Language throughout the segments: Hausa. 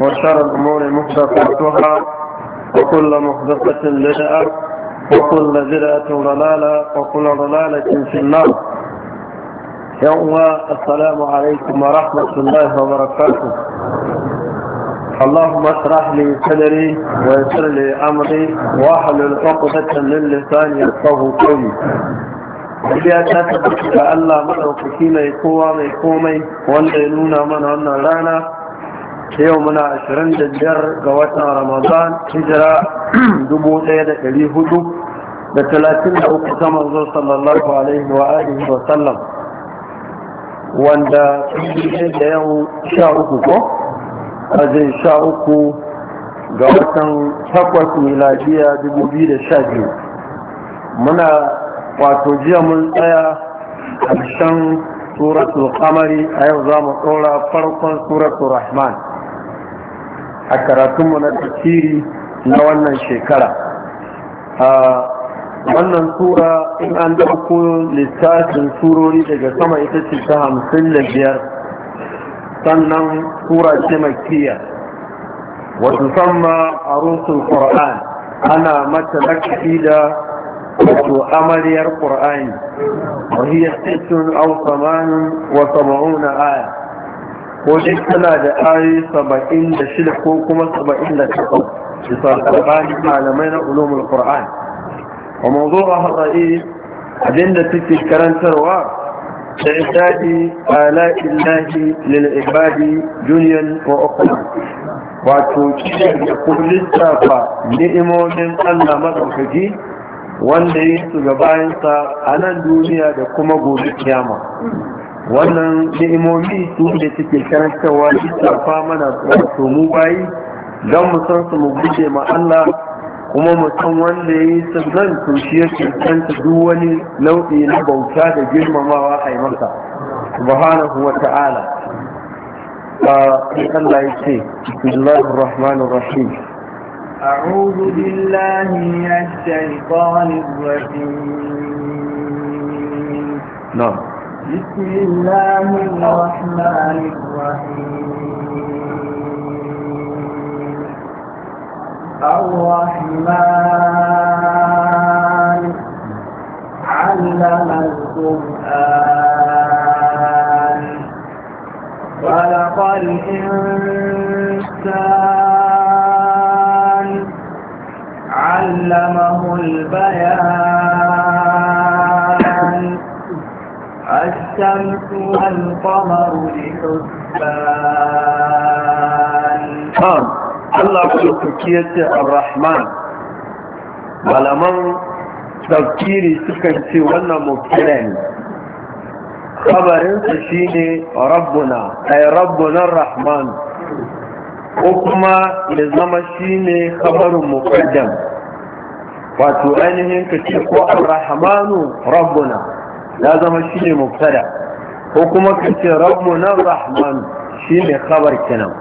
وشر الأمور محدثاتها وكل محدثة بدعة وكل بدعة ضلالة وكل ضلالة في النار يوم السلام عليكم ورحمة الله وبركاته اللهم اشرح لي صدري ويسر لي أمري واحلل عقدة من لساني يفقه قولي ya ta tabbata ga Allah madaukaki mai kowa mai komai wanda ya nuna yau muna ashirin da ga watan ramadan hijira dubu ɗaya da ɗari hudu da talatin da uku ta manzo sallallahu alaihi wa alihi wa sallam wanda sun da yau sha uku ko azin sha uku ga watan takwas miladiya dubu biyu da sha biyu muna wato jiya mun tsaya ƙarshen suratul kamari a yau za mu ɗora farkon suratul rahman a karatunmu na tafsiri na wannan shekara a wannan sura in an dauko littafin surori daga sama ita ce ta hamsin da biyar sannan sura ce makiya wasu samma a rusul qur'an ana mata da wato amaryar qur'ani wahiyar hiya sittun samanin wa aya ko dai tana da ayoyi saba'in da shida ko kuma saba'in da takwas bisa alƙalƙali malamai na ulumul qur'an wa mawdu'a ra'ayi abinda take karantarwa da isadi ala illahi lil ibadi dunyan wa ukhra wato da kullum safa ni'imomin Allah madaukaki wanda yi su gabayinsa a nan duniya da kuma gobe kiyama wannan ni'imomi su da suke karantarwa lissafa mana wato mu bayi don mu san su mu guje ma Allah kuma mu san wanda ya yi sannan to shi ya cancanta duk wani nau'i na bauta da girmamawa a yi masa subhanahu wa ta'ala Allah ya ce bismillahir rahmanir rahim أعوذ بالله من الشيطان الرجيم نعم بسم الله الرحمن الرحيم الرحمن علم القرآن خلق الإنسان علمه البيان الشمس والقمر لحسبان نعم. الله في تركية الرحمن ولمن تذكيري سكنتي وانا مكلم خبر سشيني ربنا اي ربنا الرحمن وكما لزم شيني خبر مقدم فاتو انهن كتبوا الرحمن ربنا ya zama shine mubtada ko kuma ka ce rabbuna rahman shine khabar kenan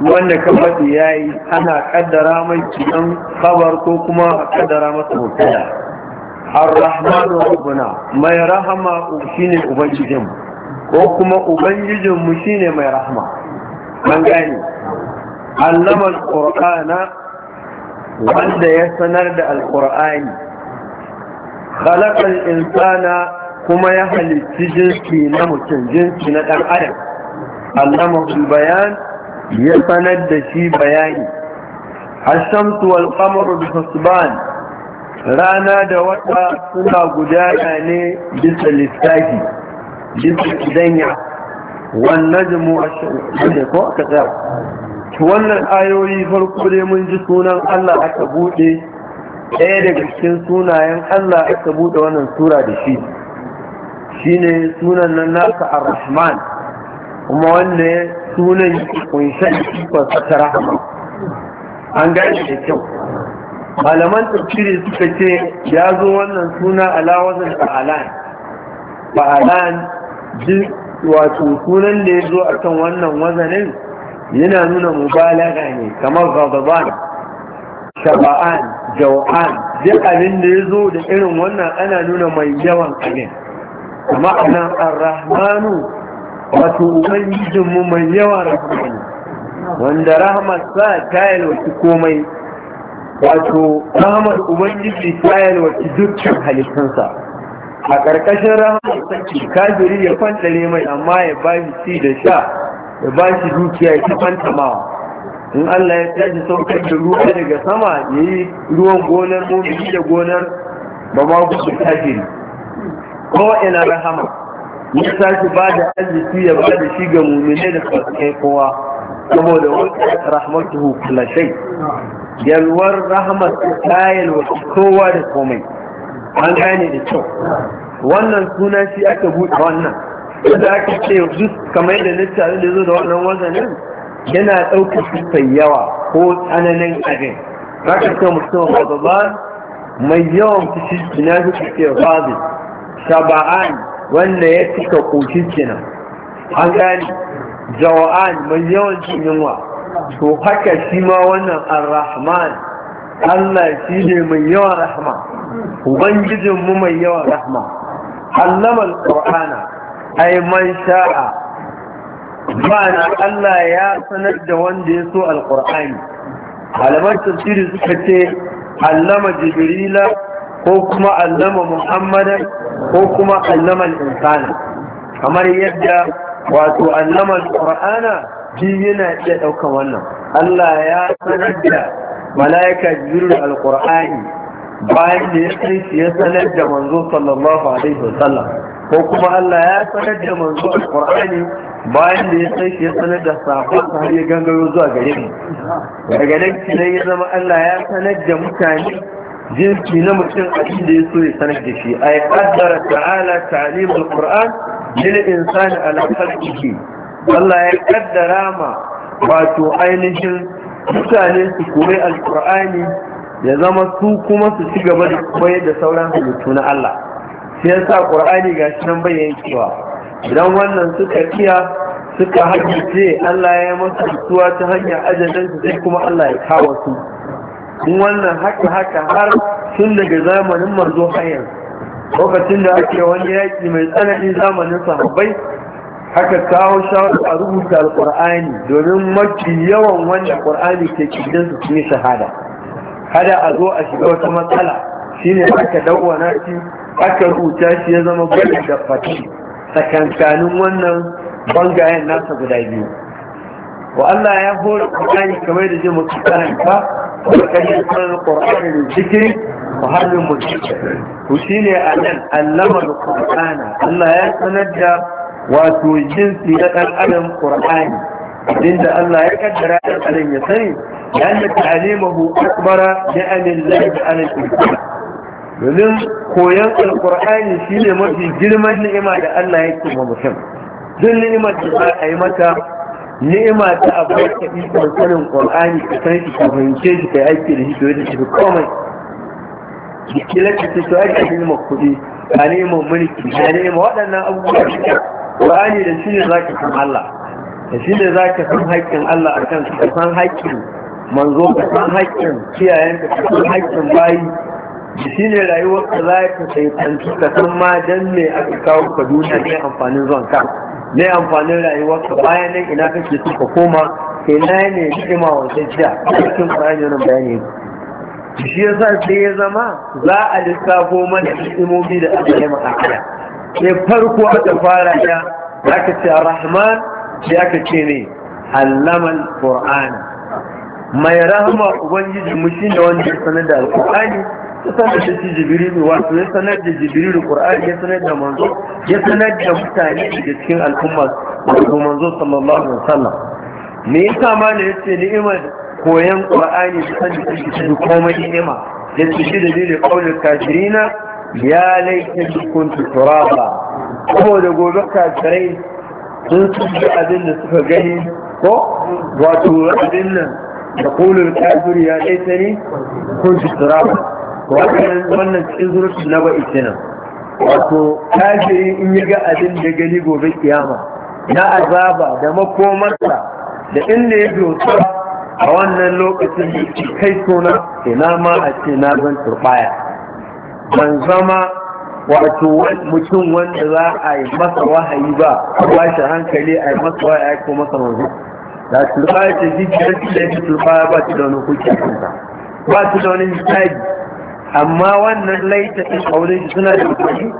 wanda ka faɗi yayi ana kaddara mai kidan khabar ko kuma a kaddara masa mubtada har rahman rabbuna mai rahama shine ubangijin ko kuma ubangijin mu ne mai rahama an gani. allama al wanda ya sanar da alkur'ani خلق insana kuma ya halitti jinsi na mutum jinsi na ɗan adam allamahu bayan ya sanar da shi bayani ashamtu wal qamaru bi husban rana da wata suna gudana ne bisa lissafi bisa kidanya wan najmu ashamtu ko aka tsaya wannan ayoyi farko dai mun ji sunan Allah aka bude ɗaya daga cikin sunayen Allah aka bude wannan sura da shi shine sunan nan naka ar-rahman kuma wanne sunan kunshe ikon ta rahama an gane da kyau malaman tafsiri suka ce ya zo wannan suna alawazin fa'alan fa'alan wato sunan da ya zo a kan wannan wazanin yana nuna mubalaga ne kamar gababan shaba'an jawa'an duk abin da ya zo da irin wannan ana nuna mai yawan abin ma'ana ar-rahmanu wato ubangijin mu mai yawa rahmani wanda rahmat sa ta yalwaci komai wato rahmat ubangiji ta yalwaci dukkan halittunsa a ƙarƙashin rahmat sarki kajiri ya ne mai amma ya ba shi ci da sha ya ba shi dukiya ya fantamawa in Allah ya tashi saukar da ruwa daga sama ya yi ruwan gonar mumini da gonar ba ma kajiri ko'ina rahama ya tashi ba da arziki ya ba da shi ga mummune da fasikai kowa saboda wata rahmatuhu kula shai yalwar rahama ta yalwa kowa da komai an gane da kyau wannan suna shi aka buɗe wannan da aka ce duk kamar da littafin da zo da wannan nan, yana ɗauka sufai yawa ko tsananin abin za ka ce mutum ba mai yawan fushi na fi ke fazi taba'an wanda ya cika koshi kenan an gane jawa'an mai yawan cin yunwa to haka shi ma wannan ar-rahman Allah shi ne mai yawan rahma ubangijinmu mai yawan rahma allama al-qur'ana ay man sha'a ma'ana Allah ya sanar da wanda ya so al-qur'ani malaman tafsiri suka ce allama jibrila ko kuma allama muhammadan ko kuma allaman insana kamar yadda wato allaman qur'ana ji yana iya ɗaukan wannan Allah ya sanar da mala'ika jibril alqur'ani bayan da ya sanar ya sanar da manzo sallallahu alaihi wasallam ko kuma Allah ya sanar da manzo alqur'ani bayan da ya sanar ya sanar da sahabban har ya gangaro zuwa gare mu daga nan ne ya zama Allah ya sanar da mutane jinsi na mutum a da ya so ya sanar da shi yi ƙaddara ta'ala ta'lim al-qur'an jini insani ala khalqihi Allah ya kaddara ma wato ainihin mutane su koyi alqur'ani ya zama su kuma su ci gaba da koyar da sauran halittu na Allah sai ya sa qur'ani gashi nan bayyana cewa idan wannan suka iya suka hajjace Allah ya masa tuwa ta hanyar ajalansu sai kuma Allah ya kawo su wannan haka haka har sun daga zamanin manzo hanyar lokacin da ake wani yaƙi mai tsananin zamanin sahabbai haka kawo shawar a rubuta alƙur'ani domin mafi yawan wanda ƙur'ani ke cikin su ne shahada kada a zo a shiga wata matsala shine aka dawwana shi aka rubuta shi ya zama gwada da fati tsakankanin wannan bangayen nasa guda biyu wa Allah ya hore Qur'ani kamar da jimu karanta da kai sunan Qur'ani da zikiri wa halin mulki to shine anan allama Qur'ana Allah ya sanar da wato jinsi na dan adam Qur'ani inda Allah ya kaddara dan adam ya sani yana ta'limuhu akbara ni'amillahi 'ala al-insan domin koyon alkur'ani shine mafi girman ni'ima da Allah ya wa mutum duk ni'imar da za a yi mata ni'ima ta abai ka da sanin qur'ani ka san shi ka fahimce shi kai aiki da shi to yadda shi komai kila ka ce to ake ni'ima kudi ka ni'ima mulki ka ni'ima waɗannan abubuwa suke qur'ani da shi ne za ka san Allah da shi ne za ka san haƙƙin Allah a kan ka san haƙƙin manzo ka san haƙƙin kiyayenka ka san haƙƙin bayi Da shi ne rayuwar ka za ka sai ka san ma dan me aka kawo ka duniya ne amfanin zuwan ka ne amfanin rayuwarka bayan nan ina kake koma sai koma yi ne hikima wancan jiya cikin ƙwararren wannan bayani yake shi sa sai ya zama za a lissafo mana hikimomi da aka yi ma'aikata. sai farko aka fara ya aka ce rahman sai aka ce ne allamal qur'an mai rahama ubangiji mu shine wanda ya sanar da alqur'ani ya sanar da shi jibrilu wato ya sanar da jibrilu qur'ani ya sanar da manzo ya sanar da mutane da cikin al'umma wato manzo sallallahu alaihi wasallam me yasa ma ne yace ni'imar koyan qur'ani da sanin shi shi komai ni'ima da su shi da dalilin qaulul kafirina ya laita kuntu turaba ko da gobe kafirai sun su abin da suka gani ko wato abin nan da kulul kafir ya laita ne kuntu turaba wannan wannan cikin na kenan wato kafiri in yi ga abin da gani gobe kiyama na azaba da makomarsa da inda ya dosa a wannan lokacin da kai suna ina ma a ce na zan turbaya ban zama wato mutum wanda za a yi masa wahayi ba a washe hankali a yi masa wahayi ko masa manzo da turbaya ce jikiyar da ya turbaya ba ta da wani hukunci ba ta da wani misali amma wannan laita ɗin ƙaunin suna da amfani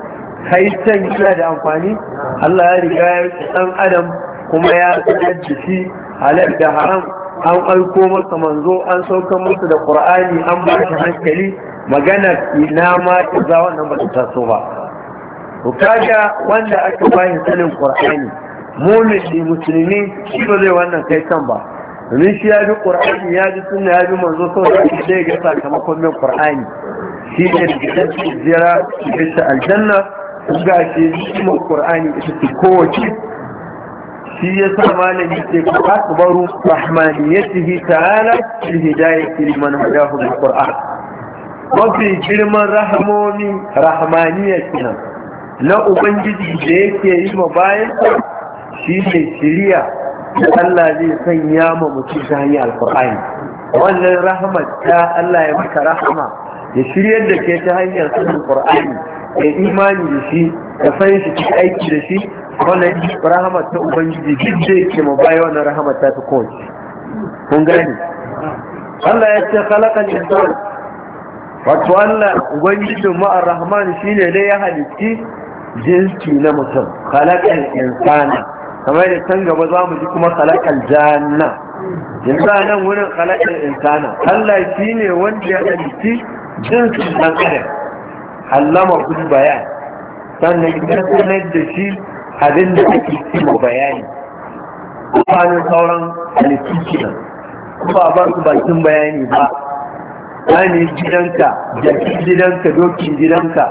kai suna da amfani Allah ya riga ya rike ɗan adam kuma ya sanar da shi halar da haram an aiko masa manzo an saukan masa da ƙur'ani an ba shi hankali magana ina ma ta za wannan ba ta taso ba to kaga wanda aka bayin sanin ƙur'ani mumin ne musulmi shi ba zai wannan kai can ba domin shi ya bi ƙur'ani ya ji sunna ya bi manzo saboda shi zai ga sakamakon min ƙur'ani shi ne da zira bisa aljanna ga shi hikimar qur'ani ita ce kowace shi ya sa malami ce ku akbaru rahmaniyatihi ta'ala fil hidayati liman hadahu bil qur'an mafi girman rahmomi rahmaniya kenan na ubangiji da yake yi ma bayan shi ne shirya da Allah zai sanya ma mutum ta hanyar Alƙur'ani. wannan rahmat ta Allah ya maka rahma. ya shiryar da ke ta hanyar sanin qur'ani ya imani da shi da san shi ki aiki da shi wannan rahamar ta ubangiji duk da yake mu bayi wannan rahamar ta fi kowace kun gani Allah ya ce khalaqal insan wato Allah ubangiji mu ar-rahman shine dai ya halitti jinsi na mutum khalaqal insana kamar da can gaba za mu ji kuma khalaqal janna yanzu nan wurin khalaqal insana Allah shine wanda ya halitti jinsin ɗan adam allama kudu bayan sannan ya da shi abin da ake cimo bayani kwanin sauran halittu kenan ba ba su bakin bayani ba ne gidanka jaki gidanka dokin gidanka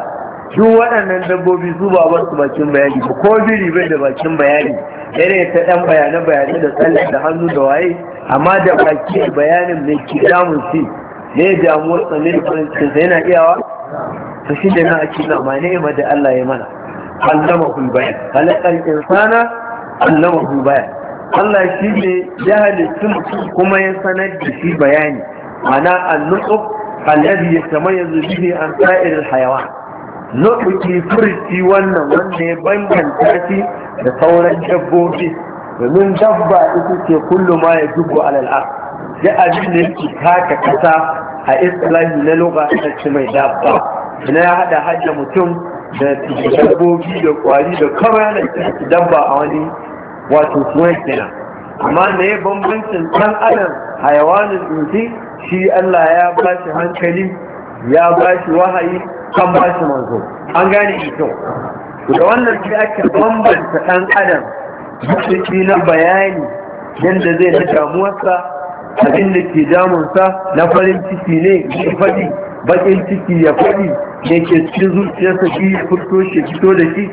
duk waɗannan dabbobi su ba ba su bakin bayani ba ko biri bai da bakin bayani yare ta ɗan bayane bayane da tsalle da hannu da waye amma da baki bayanin mai ke si? ne damuwar tsanin farin cikin sa yana iyawa to shi da na ake na ma ni'ima da Allah ya mana allama hul bayan halakal insana allama hul bayan Allah shi ne ya halittu mutum kuma ya sanar da shi bayani ana annutsuf alladhi yatamayyazu bihi an sa'ir al-hayawan nutuki furci wannan wanda ya bambanta shi da sauran dabbobi domin dabba ita ce kullu ma ya dubu alal'ar. da abin da yake kasa a islami na loga ta ci mai dabba na ya haɗa hajja mutum da dabbobi da kwari da kawai yana dabba a wani wato suwan kenan amma na ya bambancin ɗan adam hayawanin insi shi Allah ya ba shi hankali ya ba shi wahayi kan ba shi manzo an gane kyau da wannan shi ake bambanta ɗan adam mutunci na bayani yadda zai na damuwarsa abin da ke damunsa na farin ciki ne ya faɗi baƙin ciki ya faɗi ne ke cikin zuciyarsa shi ya fito shi fito da shi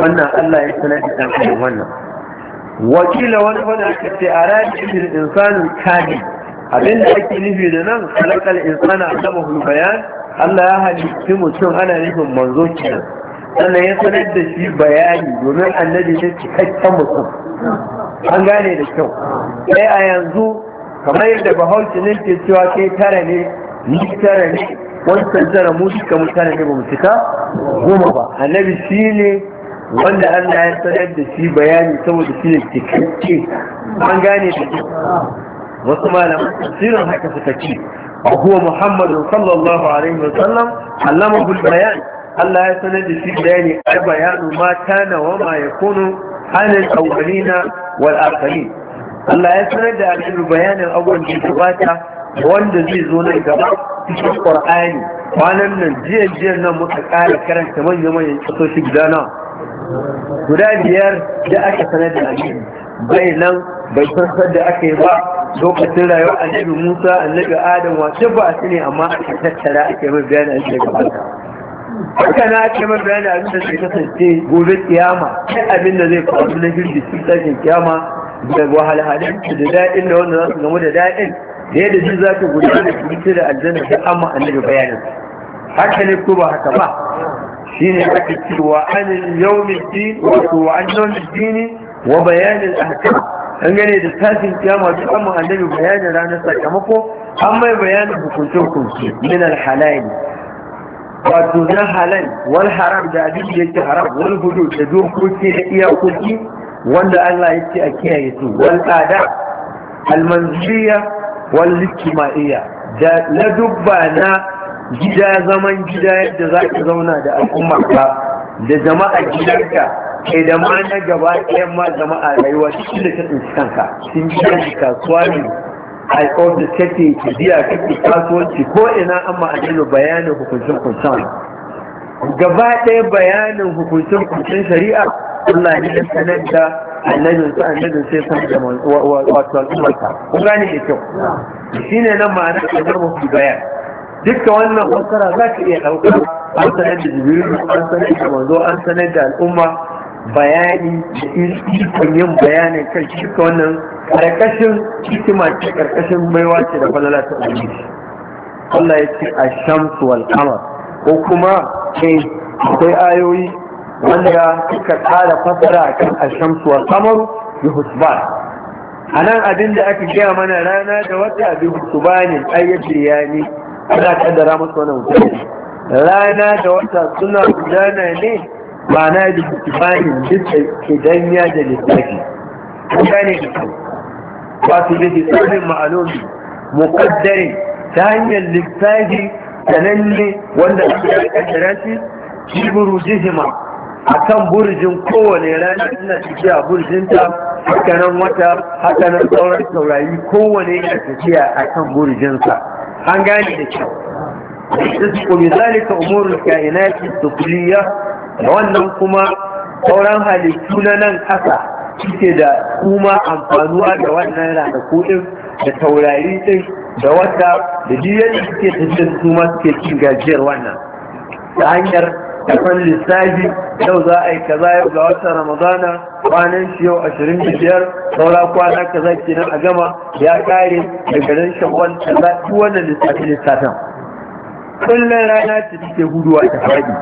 wannan Allah ya sanar da ɗan adam wannan wakila wani wani aka ce a rayar cikin insanin kadi abin da ake nufi da nan halakal insana a saba bayan Allah ya halitti mutum ana nufin manzo kenan sannan ya sanar da shi bayani domin annabi ne cikakken mutum an gane da kyau sai a yanzu kamar yadda bahaushe ne ke cewa kai tara ne ni tara ne wancan tara mu duka mu tara ne ba mu cika goma ba annabi shi ne wanda Allah ya sanar da shi bayani saboda shi ne cikakke an gane da shi wasu malamai tafsirin haka suka ce وهو محمد صلى Allah ya sanar da shi bayani, يسند في ma البيان ما كان وما يكون عن الأولين والآخرين Allah ya sanar da annabi bayanin abubuwan da ya wanda zai zo nan gaba cikin Qur'ani kwanan nan jiyan jiyan nan muka ƙara karanta manyan manyan kasoshi guda na guda biyar da aka sanar da annabi bai nan bai san da aka yi ba lokacin rayuwar annabi Musa annabi Adam ce ba su ne amma aka tattara aka mai bayanin annabi daga bata haka na aka yi mai abin da zai kasance gobe kiyama kai abin da zai faru na cikin tsakin kiyama da wahalhalin da daɗin da wanda za su gamu da daɗin da yadda ji za ta gudana da cikin da aljanna da amma annabi bayanin haka ne ko ba haka ba shine ake cewa an yawmin din wato wa an yawmin dini wa bayanin ahkam an gane da tashin kiyama duk amma annabi bayanin ranar sakamako an mai bayanin hukunce hukunce min alhalaili wato na halal wal haram da abin da yake haram wal hudud da dokoki da iyakoki wanda Allah ya ce a kiyaye su wal qada al manziliya wal ijtimaiya da la dubba gida zaman gida yadda za ka zauna da al'umma ka da jama'a gidanka kai da ma na gaba ɗayan ma jama'a rayuwa cikin da ta tsinci kanka cikin gidan kasuwa ne a ofis kake tafiya kake kasuwanci ko ina an ma'adalu bayanin hukuncin hukuncin gaba ɗaya bayanin hukuncin hukuncin shari'a Allah ne ya sanar da annabin sa annabin sai san da wato al'ummarsa kun gane da kyau Shi ne nan ma'ana da kamar mafi bayan dukkan wannan fassara za ka iya ɗauka an sanar da jibiru an sanar da manzo an sanar da al'umma bayani da ikon yin bayanin kan dukkan wannan ƙarƙashin hikima ce ƙarƙashin baiwa ce da falala ta ubangiji Allah ya ce a shamsu wal ko kuma kai eh, akwai ayoyi wanda suka kara fasara a kan ashamsu wa kamaru bi husban a nan abin da aka gaya mana rana da wata bi husbanin ayyace ya ne ana kaddara musu wani husbani rana da wata suna gudana ne ba na bi husbanin duk idan ya da lissafi ne da kyau wato da lissafin ma'alomi muƙaddari ta hanyar lissafi sananne wanda aka kaddara shi shi jihima. akan burjin kowane rana ina tafiya burjinta hakanan wata hakanan sauran saurayi kowane ina tafiya akan burjinsa an gane da kyau su zalika umurul kainati sukuliya da wannan kuma sauran halittu na nan kasa suke da kuma amfanuwa da wannan ko din da taurari din da wata da duk yadda suke tafiya su ma suke cin gajiyar wannan ta hanyar kafan lissafi yau za a yi kaza yau ga watan ramadana kwanan shi yau ashirin da biyar saura kwana kaza kenan a gama ya kare daga ran shawwal kaza duk wannan lissafi lissafin kullum rana ce take huduwa ta faɗi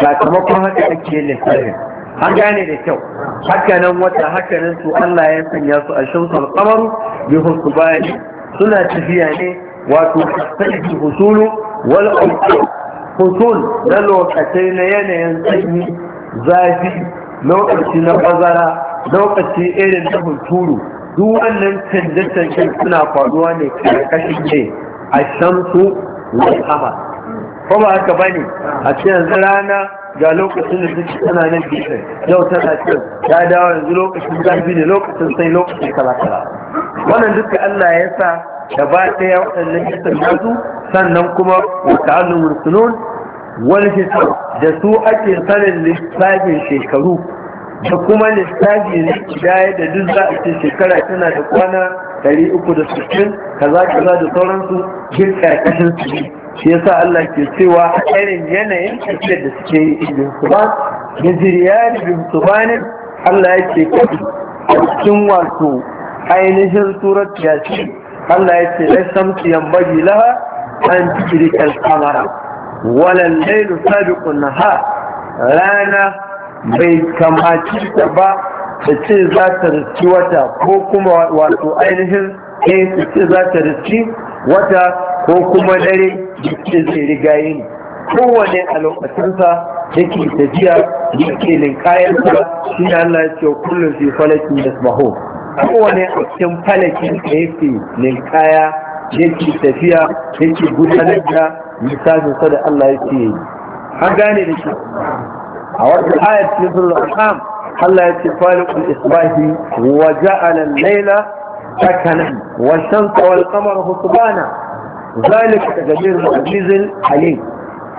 sakamakon haka ake yin lissafin an gane da kyau haka nan wata haka nan su Allah ya sanya su a shamsul qamaru bi husbani suna tafiya ne wato tasbihu husulu wal qamar hutun na lokacin na yanayin sanyi zafi lokaci na bazara lokaci irin na hunturu duk wannan canje canje suna faruwa ne karkashin ne a shamsu wal sama ko ba haka ba ne a cikin rana ga lokacin da suke tana nan gefe yau tana ce ya dawo yanzu lokacin zafi ne lokacin sai lokacin kala-kala wannan duka Allah ya sa da ba ta yi waɗannan kisan nasu sannan kuma wa ta'allumul sunun wal hisab da su ake sanin lissafin shekaru da kuma lissafi ne daya da duk za a ce shekara tana da kwana 360 kaza kaza da sauransu duk karkashin su ne shi ya sa Allah ke cewa a irin yanayin tafiyar da suke yi su ba. da ziriyar ba ne. Allah ya yake kafi a cikin wato ainihin surat yasin Allah ya ce ai samsu yambagi laha an tushrika al-qamara wala al-laylu sabiqun rana bai kamaci ta ba ta ce za ta riski wata ko kuma wato ainihin eh ta ce za ta riski wata ko kuma dare jikin zai riga ne kowane a lokacinsa yake tafiya yake linkayensa shi Allah ya ce kullum fi falakin da kowane cikin falakin da yake ninkaya yake tafiya yake gudanar da misalin da Allah yake yi an gane da shi a wata ayat cikin surah al Allah ya ce faliqul isbahi wa ja'ala al-layla sakanan wa shamsa wal qamara husbana zalika tadbir al-azizil alim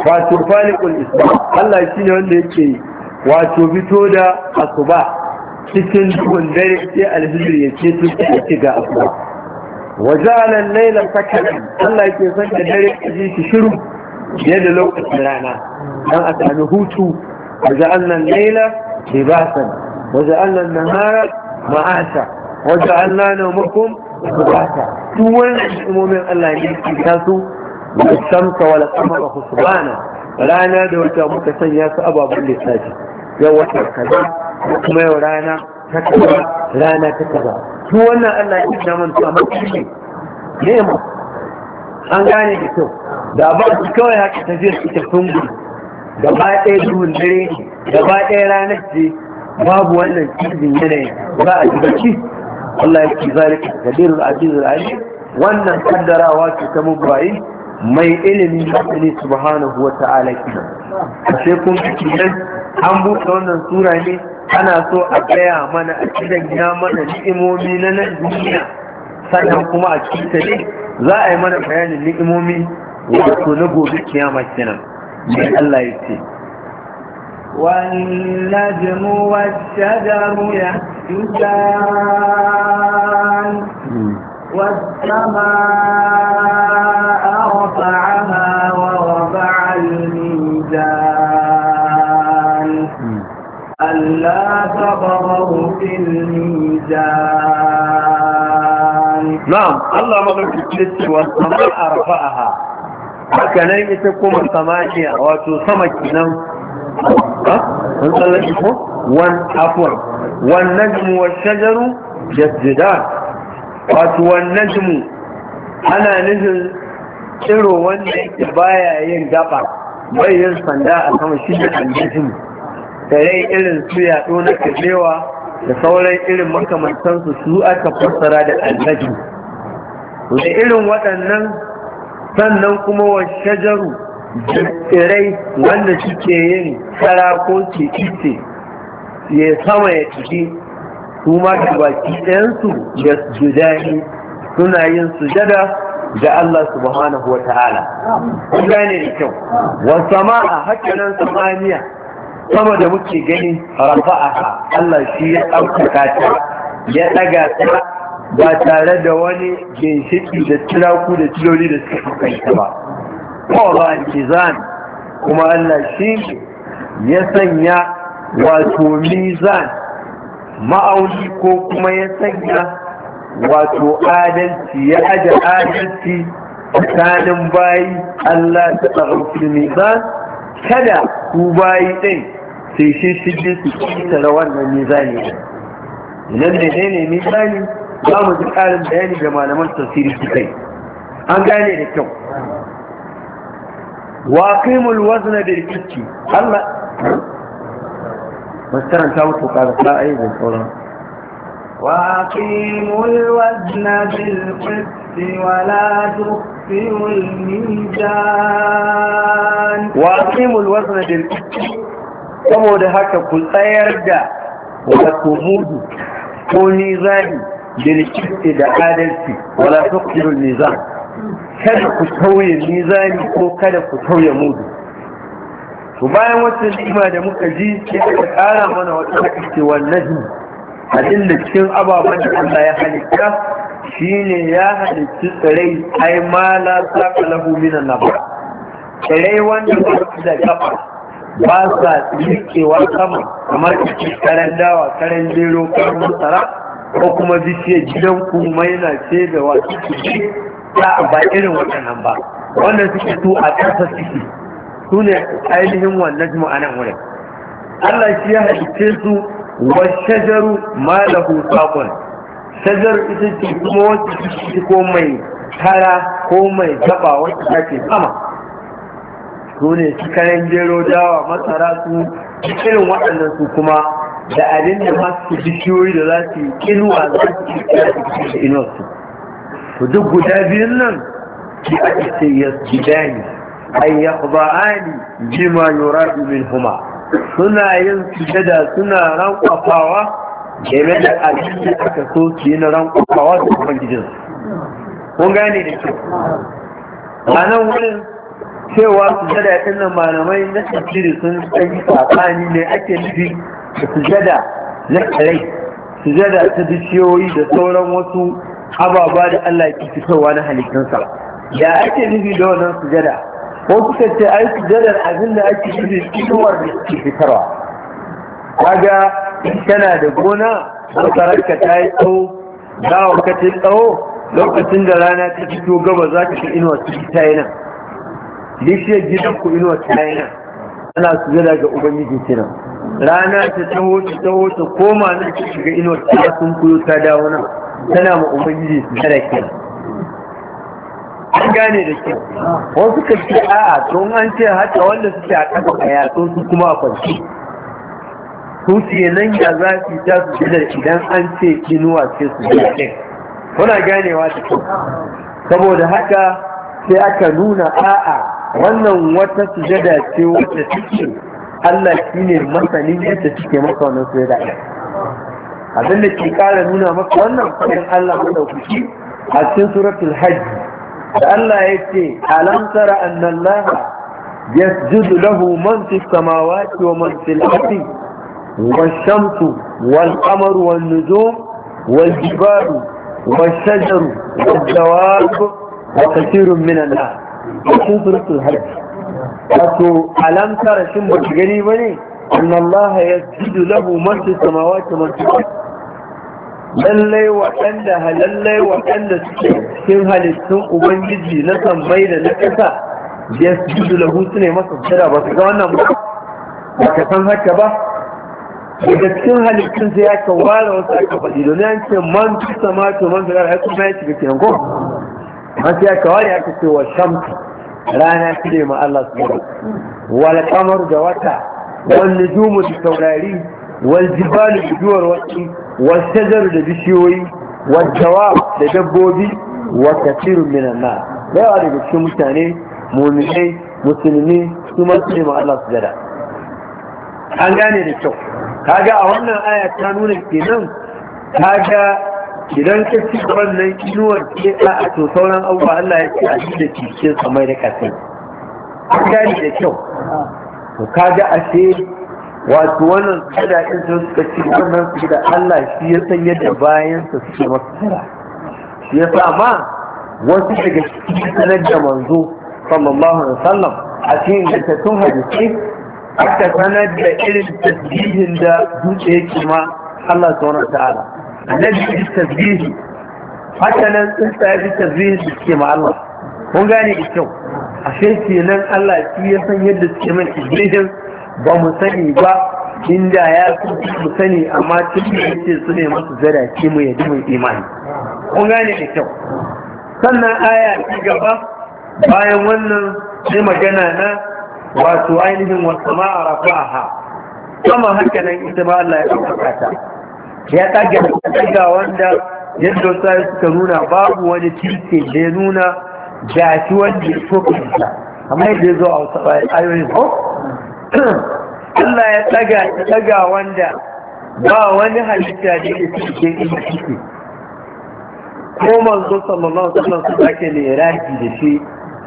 wato faliqul isbah Allah ne wanda yake wato fito da asuba cikin duhun dare sai alhijir ya ce tun ya ci ga afuwa wajalan laila sakanan Allah ke san da dare ya ji ki shiru fiye da lokacin rana dan a sami hutu wajalan laila libasan wajalan nahara ma'asa wajalan nawmakum subata duk wannan imomin Allah ne ke taso da samsa wal qamara husbana rana da wata muka sanya su ababen lissafi yau wata kaza ko kuma yau rana ta kaza rana ta kaza su wannan Allah ya kira man su a ne? ne mu an gane da kyau da ba su kawai haka tafiyar su ta fungu gaba ɗaya duhun dare gaba ɗaya ranar ce babu wannan cizin yanayi ba a jibaci Allah ya ce zalika kadirul azizul alim wannan kaddarawa ce ta mubayi mai ilimi ne subhanahu wa ta'ala kina sai kun fi nan an buɗe wannan sura ne ana so a gaya mana a cikin gina mana ni'imomi na nan duniya sannan kuma a cikin ta ne za a yi mana bayanin ni'imomi wato na gobe kiyama kenan mai Allah ya ce والنجم والشجر يحجدان والسماء رفعها لا تبغوا في الميزان نعم الله مغلق الست والسماء رفعها نعم كان يمتكم السماشية وتسمك نم ها انت اللي يفو وان افر والنجم والشجر جزدان قد والنجم انا نزل تيرو وان بايا ين دبا بايا سندا اسمه شجر النجم da rai irin su yaɗo na kirlewa da sauran irin makamantansu su aka fassara da alhaji, da irin waɗannan sannan kuma wa shajaru da tsirai wanda suke yin tsara ko ce ice ya sama ya ciki su ma da baki ɗayansu da sujudani suna yin sujada da Allah subhanahu wa ta'ala. Kun gane da kyau, wa sama'a hakanan samaniya sama da muke gani rafa'a Allah shi ya ɗaukaka ta ya ɗaga ta ba tare da wani ginshiki da tiraku da tiloli da suka kai ta ba kowa zan kuma Allah shi ya sanya wato mizan ma'auni ko kuma ya sanya wato adalci ya aje adalci tsakanin bayi Allah ta tsaro mizan kada ku bayi ɗin sai shi su je su ƙetare wannan mizani nan da ne mizani za mu ji ƙarin bayani da malaman tafsiri su kai an gane da kyau wa qimul wazna bil qisti Allah masaran ta mutu ka ga ai da sauran wa qimul wazna bil qisti wa la tuqsimu al mizan wa qimul wazna bil qisti saboda haka ku tsayar da wato mudu ko nizani bilkisti da adalci wala tuqtilu nizam kada ku tauye nizani ko kada ku tauye mudu to bayan wata lima da muka ji ke aka kara mana wata kacewa najmi a da cikin ababen da Allah ya halitta shine ya halitta tsirai ai mala la saka lahu min Tsare tsirai wanda ba da kafa ba sa tsirkewa sama kamar ake karen dawa karen jero karen masara ko kuma bishiyar gidan kuma yana ce da wasu ciki ta ba irin waɗannan ba wannan suke to a ƙasa ciki su ne ainihin wannan nan wurin Allah shi ya halice su wa shajaru ma da hutakon shajar ita ce kuma wacce ko mai kara ko mai gaba ta ke sama su ne su gero dawa masara su irin waɗannan su kuma da abin da masu bishiyoyi da za su yi kinuwa za su yi kira su cikin da inuwarsu su. duk guda biyun nan ki a ce ya gani an ya ba'ani jima yura min huma suna yin su sujada suna rankwafawa game da abin da aka so su yi na rankwafawa da ubangijinsu kun gane da kyau a nan wurin cewa sujada ɗin nan malamai na tafsiri sun san yi sakani ne ake nufi da sujada na kalai sujada ta bishiyoyi da sauran wasu ababa da Allah ke fitowa na halittunsa da ake nufi da wannan sujada ko suka ce ai sujadar abin da ake nufi fitowar da ke fitarwa kaga tana da gona masararka ta yi tsawo dawa ka tsawo lokacin da rana ta fito gaba za ka ta inuwa ta yi nan bishiyar gidan ku inuwa ta ana ana sujada ga ubangiji kiran rana ta taho ta taho ta koma nan ta shiga inuwa ta sun kuyo ta dawo nan tana ma ubangiji sujada kiran an gane da ke wasu ka ce a'a don an ce haka wanda suke a kasa a yatsun su kuma a kwanci su ce nan ya za su ta su gida idan an ce inuwa ce su gida ɗin kuna ganewa da ke saboda haka sai aka nuna a'a wannan wata sujada ce wata cikin Allah shi ne masanin yadda suke masa wannan sujada abin da ke ƙara nuna maka wannan fadin Allah madaukaki a cikin suratul hajj da Allah ya ce alam tara anna Allah yasjudu lahu man fis samawati wa man fil ardi والشمس والقمر والنجوم والجبال والشجر والدواب وكثير من الناس cikin suratul hajj wato alamta da shin ba gani ba ne inna allaha yasjudu lahu man samawa samawati man fi lallai waɗanda halallai waɗanda suke cikin halittun ubangiji na tambayi da na ƙasa yasjudu lahu ne masa sujada ba su ga wannan ba ba ka san haka ba daga cikin halittun sai aka ware wasu aka faɗi domin an ce man fi sama to man fi ƙara ya kuma ya kenan ko masu ya kawai ya kace wa shamsu rana ce ma Allah su gaba wal kamar da wata wal nujumu da taurari wal jibalu da duwar wasu wal shajaru da bishiyoyi wal dawa da dabbobi wa kasirun minan na yawa daga cikin mutane muminai musulmi su ma ma Allah su gaba an gane da kyau kaga a wannan aya ta nuna kenan kaga idan ka ci wannan inuwar ke a to sauran abubuwa Allah ya ce a shi da cikin samai da kasai an gani da kyau to kaga a ce wato wannan kada in sun suka ci wannan su da Allah shi ya san yadda bayansa suke masu shi ya sa ma wasu daga cikin sanar da manzo sallallahu alaihi wasallam a cikin littattun hadisi aka sanar da irin tasbihin da dutse yake ma Allah subhanahu ta'ala annabi ya ji tasbihi haka nan tsuntsaye ji tasbihi da suke ma Allah kun gane da kyau ashe kenan Allah shi ya san yadda suke mai tasbihin ba mu sani ba inda ya san mu sani amma tun da yace su ne masu zada ke mu yadda mu imani kun gane da kyau sannan aya ta gaba bayan wannan sai magana na wato ainihin wasu ma'a rafa'aha kama haka nan ita ba Allah ya ɗaukaka ta ya kage ga wanda yadda sai suka nuna babu wani tirke da ya nuna gashi wanda ya so kansa amma yadda ya zo a wasu ayoyin ko Allah ya tsaga tsaga wanda ba wani halitta da ya tirke inda kike ko manzo sallallahu alaihi wasallam su ake ne raji da shi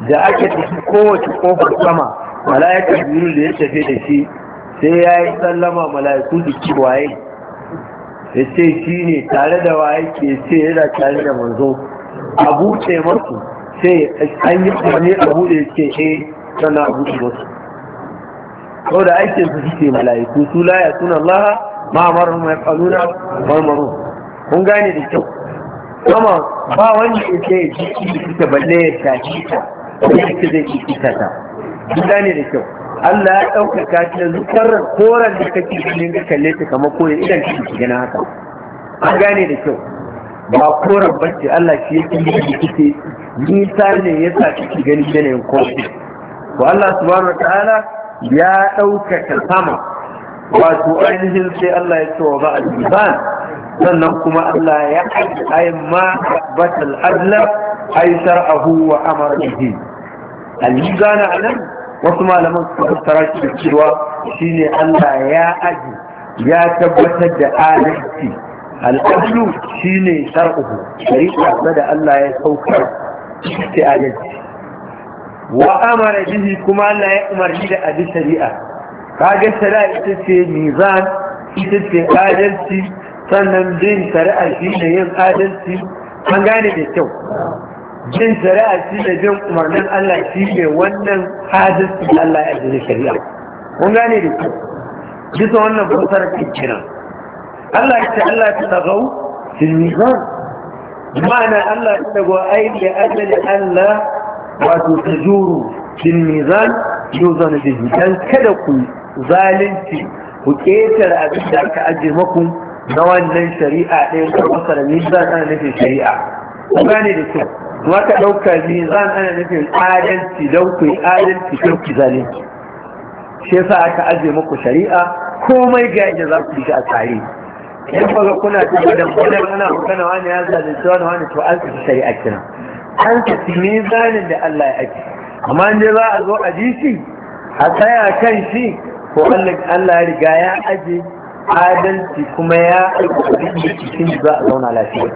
da ake tafi kowace kofar sama mala'ikar biyu da ya tafi da shi sai ya yi sallama mala'iku da kiwaye ya ce shi ne tare da wa yake ce yana tare da manzo a buɗe masu sai an yi umarni a buɗe ce e eh, sana a buɗe masu ko da aikin su suke mala'iku su la ya suna Laha ma marar mai faluna marmaru kun gane da kyau kuma ba wani ya ce ya ji ta balle ya shafi ta ya ce zai ci ta ta kun gane da kyau Allah ya ɗaukaka shi da zukar koren da kake ganin ka kalle ta kamar kore idan kake gina haka an gane da kyau ba koren ba ce Allah shi yake yi da kike nisa ne ya sa kike gani yanayin kofi to Allah subhanahu wataala ya ɗaukaka sama wato ainihin sai Allah ya ce wa ba al-mizan sannan kuma Allah ya ayi ma batal adla ay shar'ahu wa amara bihi al-mizan anan wasu malaman su fassara shi da cewa shine Allah ya aji ya tabbatar da adalci al'adu shine shar'uhu shari'a da Allah ya saukar ta adalci wa amara bihi kuma Allah ya umarni da abi shari'a kaga shari'a ita ce mizan ita ce adalci sannan bin shari'a shine yin adalci an gane da kyau jin shari'a shi ne jin umarnin Allah shi ne wannan hadisi da Allah ya ajiye shari'a mun gane da ku bisa wannan bautar kiran Allah ya ce Allah ta dagau fil mizan ma'ana Allah ya dago ai ya ajali Allah wato tajuru fil mizan yuzan bihi dan kada ku zalunci ku ketare abin da aka ajiye maku na wannan shari'a ɗaya ko masara mizan ana nufin shari'a ku gane da kyau maka ɗauka zan ana nufin adalci don ku yi adalci don zalunci shi yasa aka ajiye muku shari'a komai ga yadda za ku yi a tsare in ba kuna tuba da gudan ana magana wani ya zalunci wani wani to an tafi shari'a kina an ne zanin da Allah ya aji amma in za a zo a ji shi a tsaya kan shi ko Allah ya riga ya aje adalci kuma ya aiki cikin da za a zauna lafiya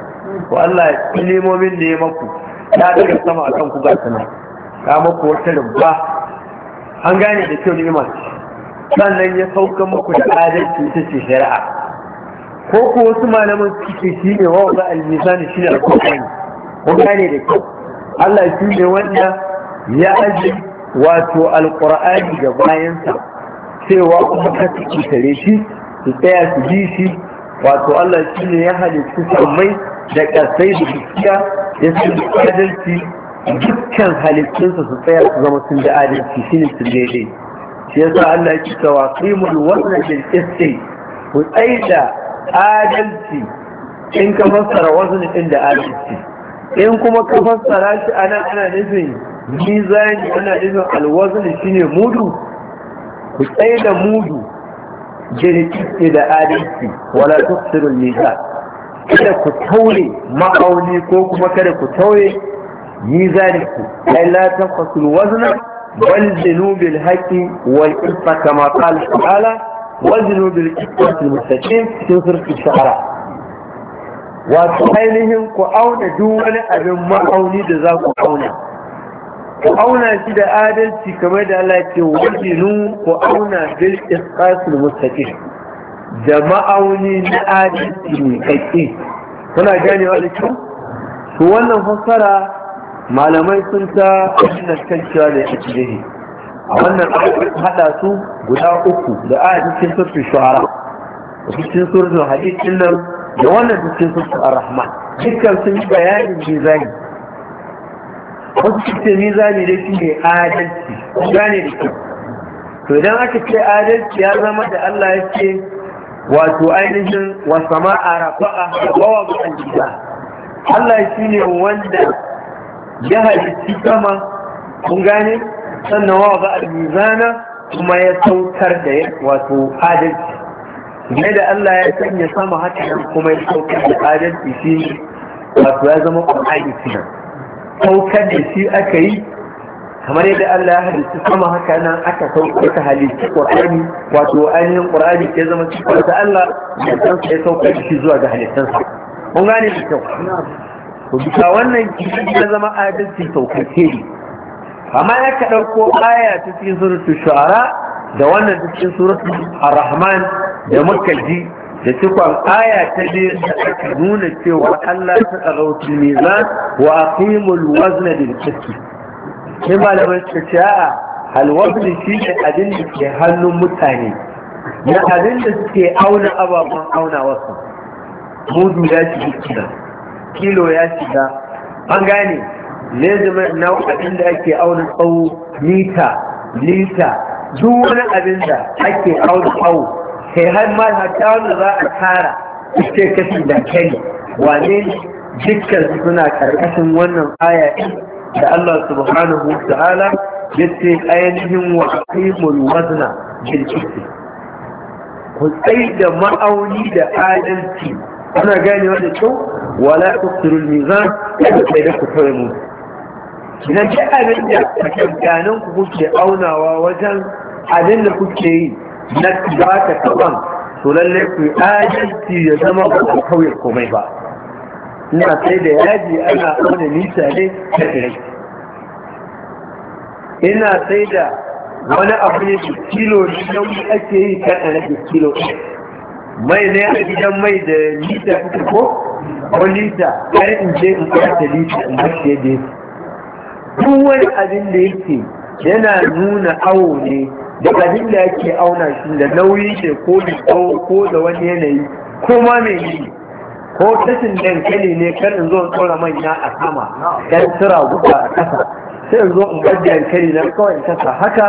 ko Allah ya limomin da ya maku Ya daga sama akan ku ga sana ta muku wata rubba an gane da kyau ni'ima sannan ya sauka muku da adalci ita ce shari'a ko ko wasu malaman suke shi ne wa wa al-mizan shi ne al-qur'ani Ko gane da kyau Allah shi ne wanda ya aji wato al-qur'ani da bayansa cewa kuma ka tare shi su tsaya su bi shi wato Allah shi ne ya halittu sammai da ƙasai da gaskiya ya san adalci dukkan halittunsa su tsaya su zama sun da adalci shi ne su daidai shi ya sa Allah ya cika wa qimul wazna bil qisti ku da adalci in ka fassara wazna din da adalci in kuma ka fassara shi ana ana nufin mizani ana nufin shi shine mudu ku da mudu bil da adalci wala tuksiru al kada ku taure ma'auni ko kuma kada ku taure mizanin ku ai la tafsul wazna bal zinu bil haqi wal qisfa kama qala ta'ala wazinu bil qisfati mustaqim fi sirri shahara wato ainihin ku auna duk wani abin ma'auni da za ku auna ku auna shi da adalci kamar da Allah ya ce wazinu ku auna bil qisfati mustaqim da ma'auni na adalci ne kake kuna ganewa da kyau Su wannan fassara malamai sun ta wannan kan cewa da ya ci a wannan hada su guda uku da a cikin shuhara, shuara cikin sura hadith nan da wannan cikin sura ar dukkan sun yi bayanin mizani wasu cikin mizani da shi ne adalci gane da kyau to idan aka ce adalci ya zama da Allah ya ce wato ainihin wasa ma'ara fa'a wawa ba Allah shi ne wanda ya halitti sama kun gane sannan wawa ba almizana kuma ya saukar da ya wato adalci ne da Allah ya sanya sama haka nan kuma ya saukar da adalci shi wato ya zama kuma ƙwarƙa saukar da shi aka yi kamar yadda Allah ya halitta sama haka nan aka sauke ta halitta Qur'ani wato ainihin Qur'ani ke zama cikin da Allah ya san sai sauke shi zuwa ga halittansa kun gane da kyau to bisa wannan kishi ya zama adalci saukake ne amma ya ka ɗauko aya ta cikin suratul shu'ara da wannan ta cikin suratul ar-rahman da muka ji da cikon aya ta biyu da aka nuna cewa Allah ta tsarautu mizan wa aqimul wazna bil qist sai malamai suka ce a'a alwabli shi ne abin da ke hannun mutane na abin da suke auna ababen auna wasu mudu ya shiga kila kilo ya shiga an gane ne zama na abin da ake auna tsawo mita lita duk wani abin da ake auna tsawo sai har ma hatta wanda za a tara ce kashi da kai wane dukkan suna karkashin wannan aya da Allah subhanahu wa ta'ala yace ainihin wa aqimul wazna bil ku tsai da ma'auni da adalci ana ganewa da kyau wala tuqtirul mizan kada kai da ku tauye mu idan ji abin da kankanin ku kuke aunawa wajen abin da kuke yi na ba ta kaban to lallai ku adalci ya zama ba a kauye komai ba na sai da yaji ana auna nisa ne da rai ina sai da wani abu ne su kilo nisan mu ake yi kan a rage kilo mai ne a gidan mai da lita kuka ko ko lita kar in je in kwata nisa in bashi da yake duk wani abin da yake yana nuna awo ne da abin da yake auna shi da nauyi ne ko da ko da wani yanayi ko ma mai yi ko tashin dankali ne kan in zo in tsora manya a sama dan tura guda a ƙasa sai in zo in bar dankali na kawai in kasa haka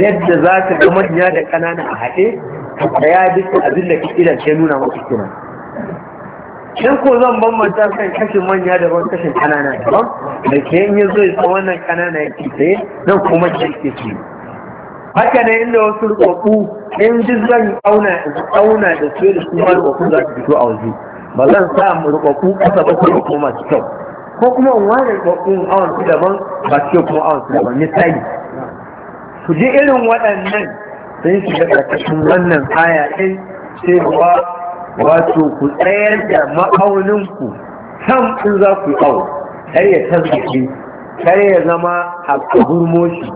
yadda za ka ga manya da ƙanana a haɗe ka ya duk abin da kake da ke nuna maka kenan in ko zan bambanta kan kashin manya da ban kashin ƙanana daban da ke in ya zo ya wannan ƙanana yake tsaye nan kuma ke ke haka ne inda wasu rubabu in duk zan auna da su da su ma rubabu za su fito a waje ba zan sa mu rubabbu ba sai ko masu kyau ko kuma in ware rubabbu awon su daban ba su kuma awon su daban misali ku ji irin waɗannan sun shiga ƙarƙashin wannan aya ɗin cewa wato ku tsayar da ma'auninku sam in za ku yi awo kar ya tasbiki kar ya zama a gurmoshi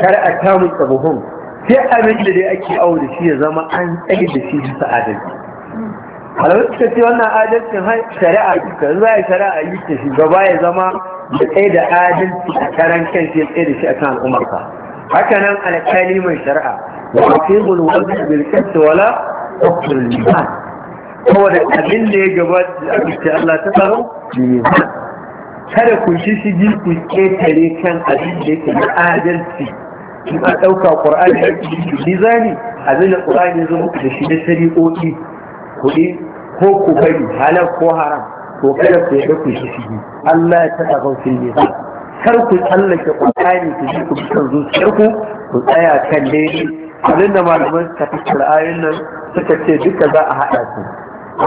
kar a kamun tsabuhun sai abin da dai ake awo da shi ya zama an tsaye da shi bisa adalci alamun suka ce wannan adalcin shari'a duka za a shari'a yi ta shugaba ya zama da tsaye da adalci a karan kan shi tsaye da shi a kan al'ummarsa haka nan alƙali mai shari'a wa kebul wazn bil qist wala uqtul liman. saboda abin da ya gaba da Allah ta tsaro liman. kada ku shi shi ji ku ƙetare kan abin da yake na adalci in an ɗauka ƙur'ani da zani abin da ƙur'ani zo muku da shi na shari'o'i kuɗi ko ku bari halal ko haram to kada ku yadda ku shi shi Allah ya taɓa ban filme ba kar ku tsallake ƙwaƙani ku ji ku bi kan zuciyar ku ku tsaya kan daidai abin da malaman suka fi ayoyin nan suka ce duka za a haɗa su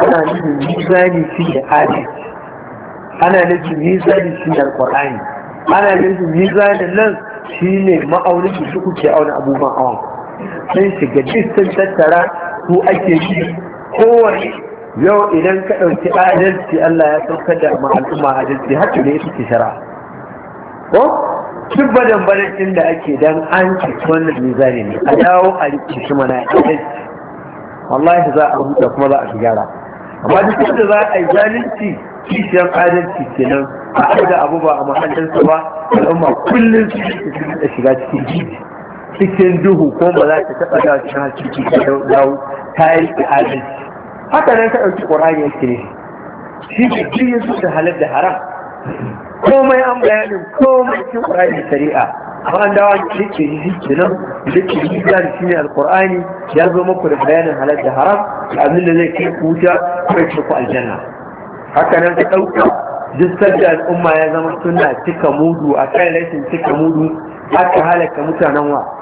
ana nufin mizani shi da adalci ana nufin mizani shi da alƙur'ani ana nufin mizanin nan shi ne ma'aunin da suke auna abubuwan awon sai shiga duk sun tattara su ake yi kowane yau idan ka ɗauki adalci Allah ya saukar da al'umma adalci haka ne suke shara ko duk badan badan da ake dan an ci wannan mizani ne a dawo a riƙe shi mana adalci wallahi za a huta kuma za a fi gyara amma duk da za a yi zalunci kishiyar adalci kenan a da abu ba a mahallinsa ba al'umma kullum su shiga cikin jiji cikin duhu ko ba za ta taɓa da cikin hakiki ta dawo ta yi adalci haka nan ta ɗauki ƙur'ani yake ne shi ne shi ya su ta halar da haram komai an bayanin komai cikin ƙur'ani shari'a amma an dawa da ke yi shi ke nan da ke yi da shi ne alƙur'ani ya zo muku da bayanin halar da haram da abin da zai kai kuta ko ya ku aljanna haka nan ta ɗauka duk sadda al'umma ya zama suna cika mudu a kan rashin cika mudu aka halaka mutanen wa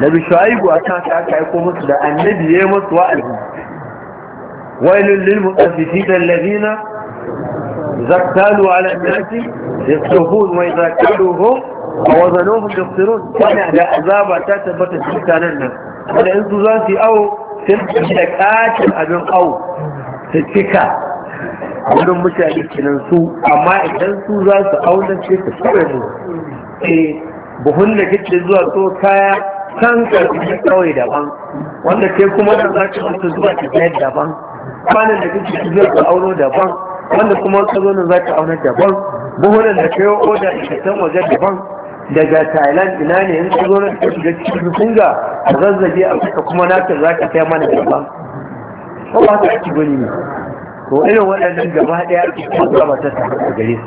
nabi shu'aibu a kan aka aiko musu da annabi ya musu wa'azi wailul lil mutaffifin alladhina zakkalu ala an-nasi yasrufun wa idza kaluhum aw wazanuhum yusirun kana da azaba ta tabbata cikin nan wanda in su za su yi awo sai su da katin abin awo su cika wurin mutane kenan su amma idan su za su auna ce su kawai mu eh buhun da kake zuwa so kaya can karfi kawai daban wanda ke kuma da za ka mutu zuwa tafiyar daban kwanan da kake tafiyar ka auno daban wanda kuma ka zo nan za ka auna daban buhunan da kai oda da san waje daban daga thailand ina ne in ka zo nan ka shiga cikin singa a zazzage a kuka kuma naka za ka kai mana daban ko ba ka ci gani ne to irin waɗannan gaba ɗaya ake kuma ta tafi a gare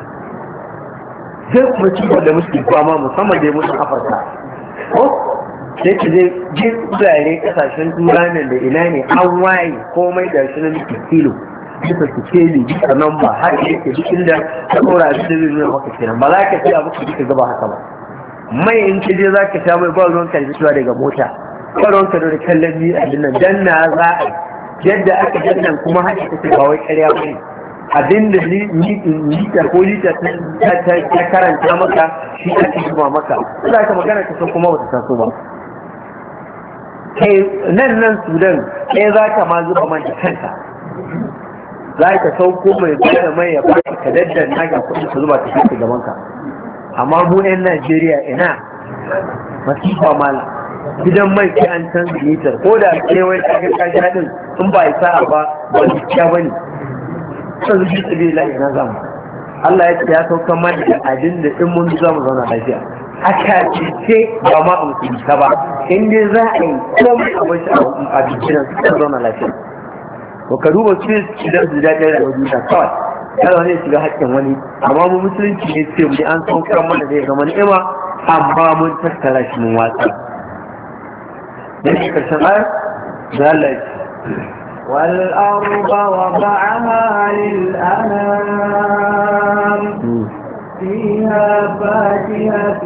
su sai kuma ci da musulmi fama musamman da ya mutu afirka sai ka je jin kurare kasashen turanin da ina ne an waye komai da shi na kilo bisa su ne bisa nan ba har ke duk inda ta ɗora su da zai nuna maka nan ba za ka ce abu ka gaba haka ba mai in ki je za ka sha mai ba ruwan karfi shiwa daga mota ba ruwan ka da kallon ni a dinnan danna za a yadda aka dannan kuma haka take ba wai karya ba ne da lita ko lita ta karanta maka shi ake zuba maka za ka magana ka san kuma wata so ba kai nan nan sudan kai za ka ma zuba manta kanta. kanka za ka sauko mai bada mai ya baki ka daddan na ga kuɗi ka zuba ta kanka gaban ka amma mu ɗan najeriya ina masifa mala gidan mai ke an canza mitar ko da kai wai ka ga kashi haɗin in ba isa ba ba kya ba ne sun zubi tsibi la ina zamu Allah ya ce ya sauka mana da abin da in mun zama zauna lafiya a cacice ba ma amfinta ba inda za a yi komai a wasu a bikinan suka zauna lafiya to ka duba su ne su da daɗin rayuwar duniya kawai kada wani ya shiga haƙƙin wani amma mu musulunci ne ce mu an saukar mana zai zama ni'ima amma mun tattara shi mun watsa da shi karshen ayar da والأرض وضعها للأنام فيها فاكهة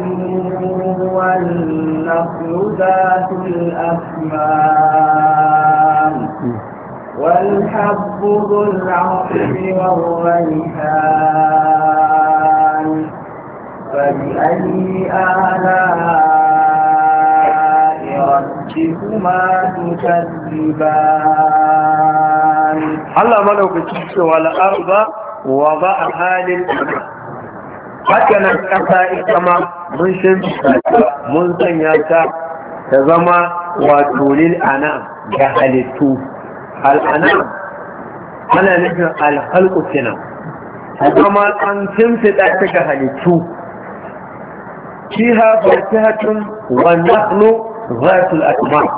والنخل ذات الأكمام والحب ذو العصر والريحان فبأي آلاء ربكما تكذبان الله ملوك الشمس والأرض وضعها للأمام haka nan ƙasa ita ma mun shimfiɗa mun sanya ta ta zama wato lil ana ga halittu al'ana ana nufin alhalku kenan ta zama an shimfiɗa ta ga halittu fiha fatihatun wa za su akmal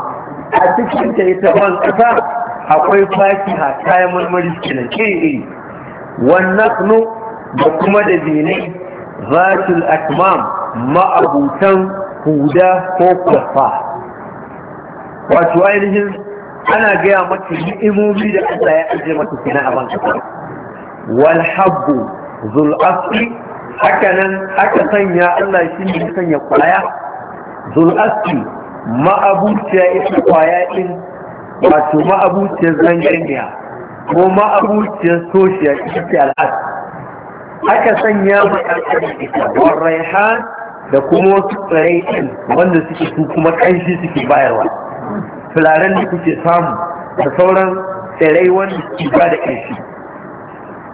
a cikin ta ita ban ƙasa akwai faki fatiha kayan marmari kenan ke wannan da kuma da zinai zatul akmam ma'abutan huda ko kwafa wato ainihin ana gaya maka ni'imomi da Allah ya ajiye mata kina a banka. wal habbu zul asli haka nan haka sanya Allah shi ne ya sanya kwaya zul asli ma'abuciya ita kwaya din wato ma'abuciyar zanganiya ko ma'abuciyar soshiya ita ce al'adu aka sanya ma ƙarƙar raihan da kuma wasu tsirai ɗin wanda suke su kuma ƙanshi suke bayarwa fularen da kuke samu da sauran tsirai wanda suke ba da ƙanshi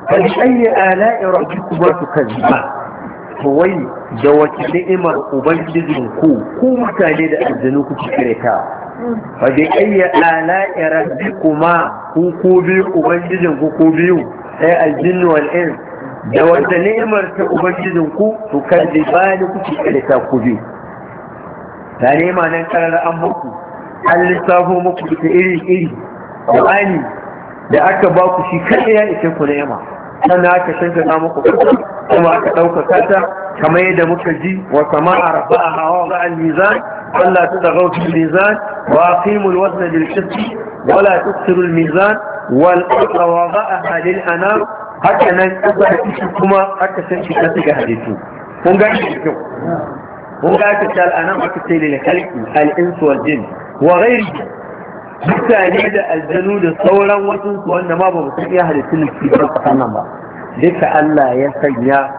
kan ayi ala'i rabbi kuma su kazima to wai da wace ni'imar ubangijin ku ku mutane da aljanu kuke kiretawa wadda ƙayya ala irabbi kuma ku ku biyu ubangijin ku ku biyu sai aljinnu wal'in da wanda nemar ta ubangijin ku to kan da bayan kuke kalita ku bi ta nema nan karar an muku an lissafo muku ita iri iri Qur'ani da aka ba ku shi kai ya ishe ku Kana sannan aka shanta muku kuma aka ɗaukaka ta kamar yadda muka ji wa sama'a a wa ra'al mizan Allah ta daga fil mizan wa aqimul wazna bil qist wa tuksiru al mizan wal qadra a ra'aha anam haka nan ƙasa da ciki kuma aka san shi ƙasa ga halittu kun ga shi kyau kun ga aka ce al'anan aka ce lil halki al'insu wal jin wa ghairi mutane da aljanu da sauran wasu su wanda ma ba mu san iya halittun su ba kasan nan ba duka Allah ya sanya da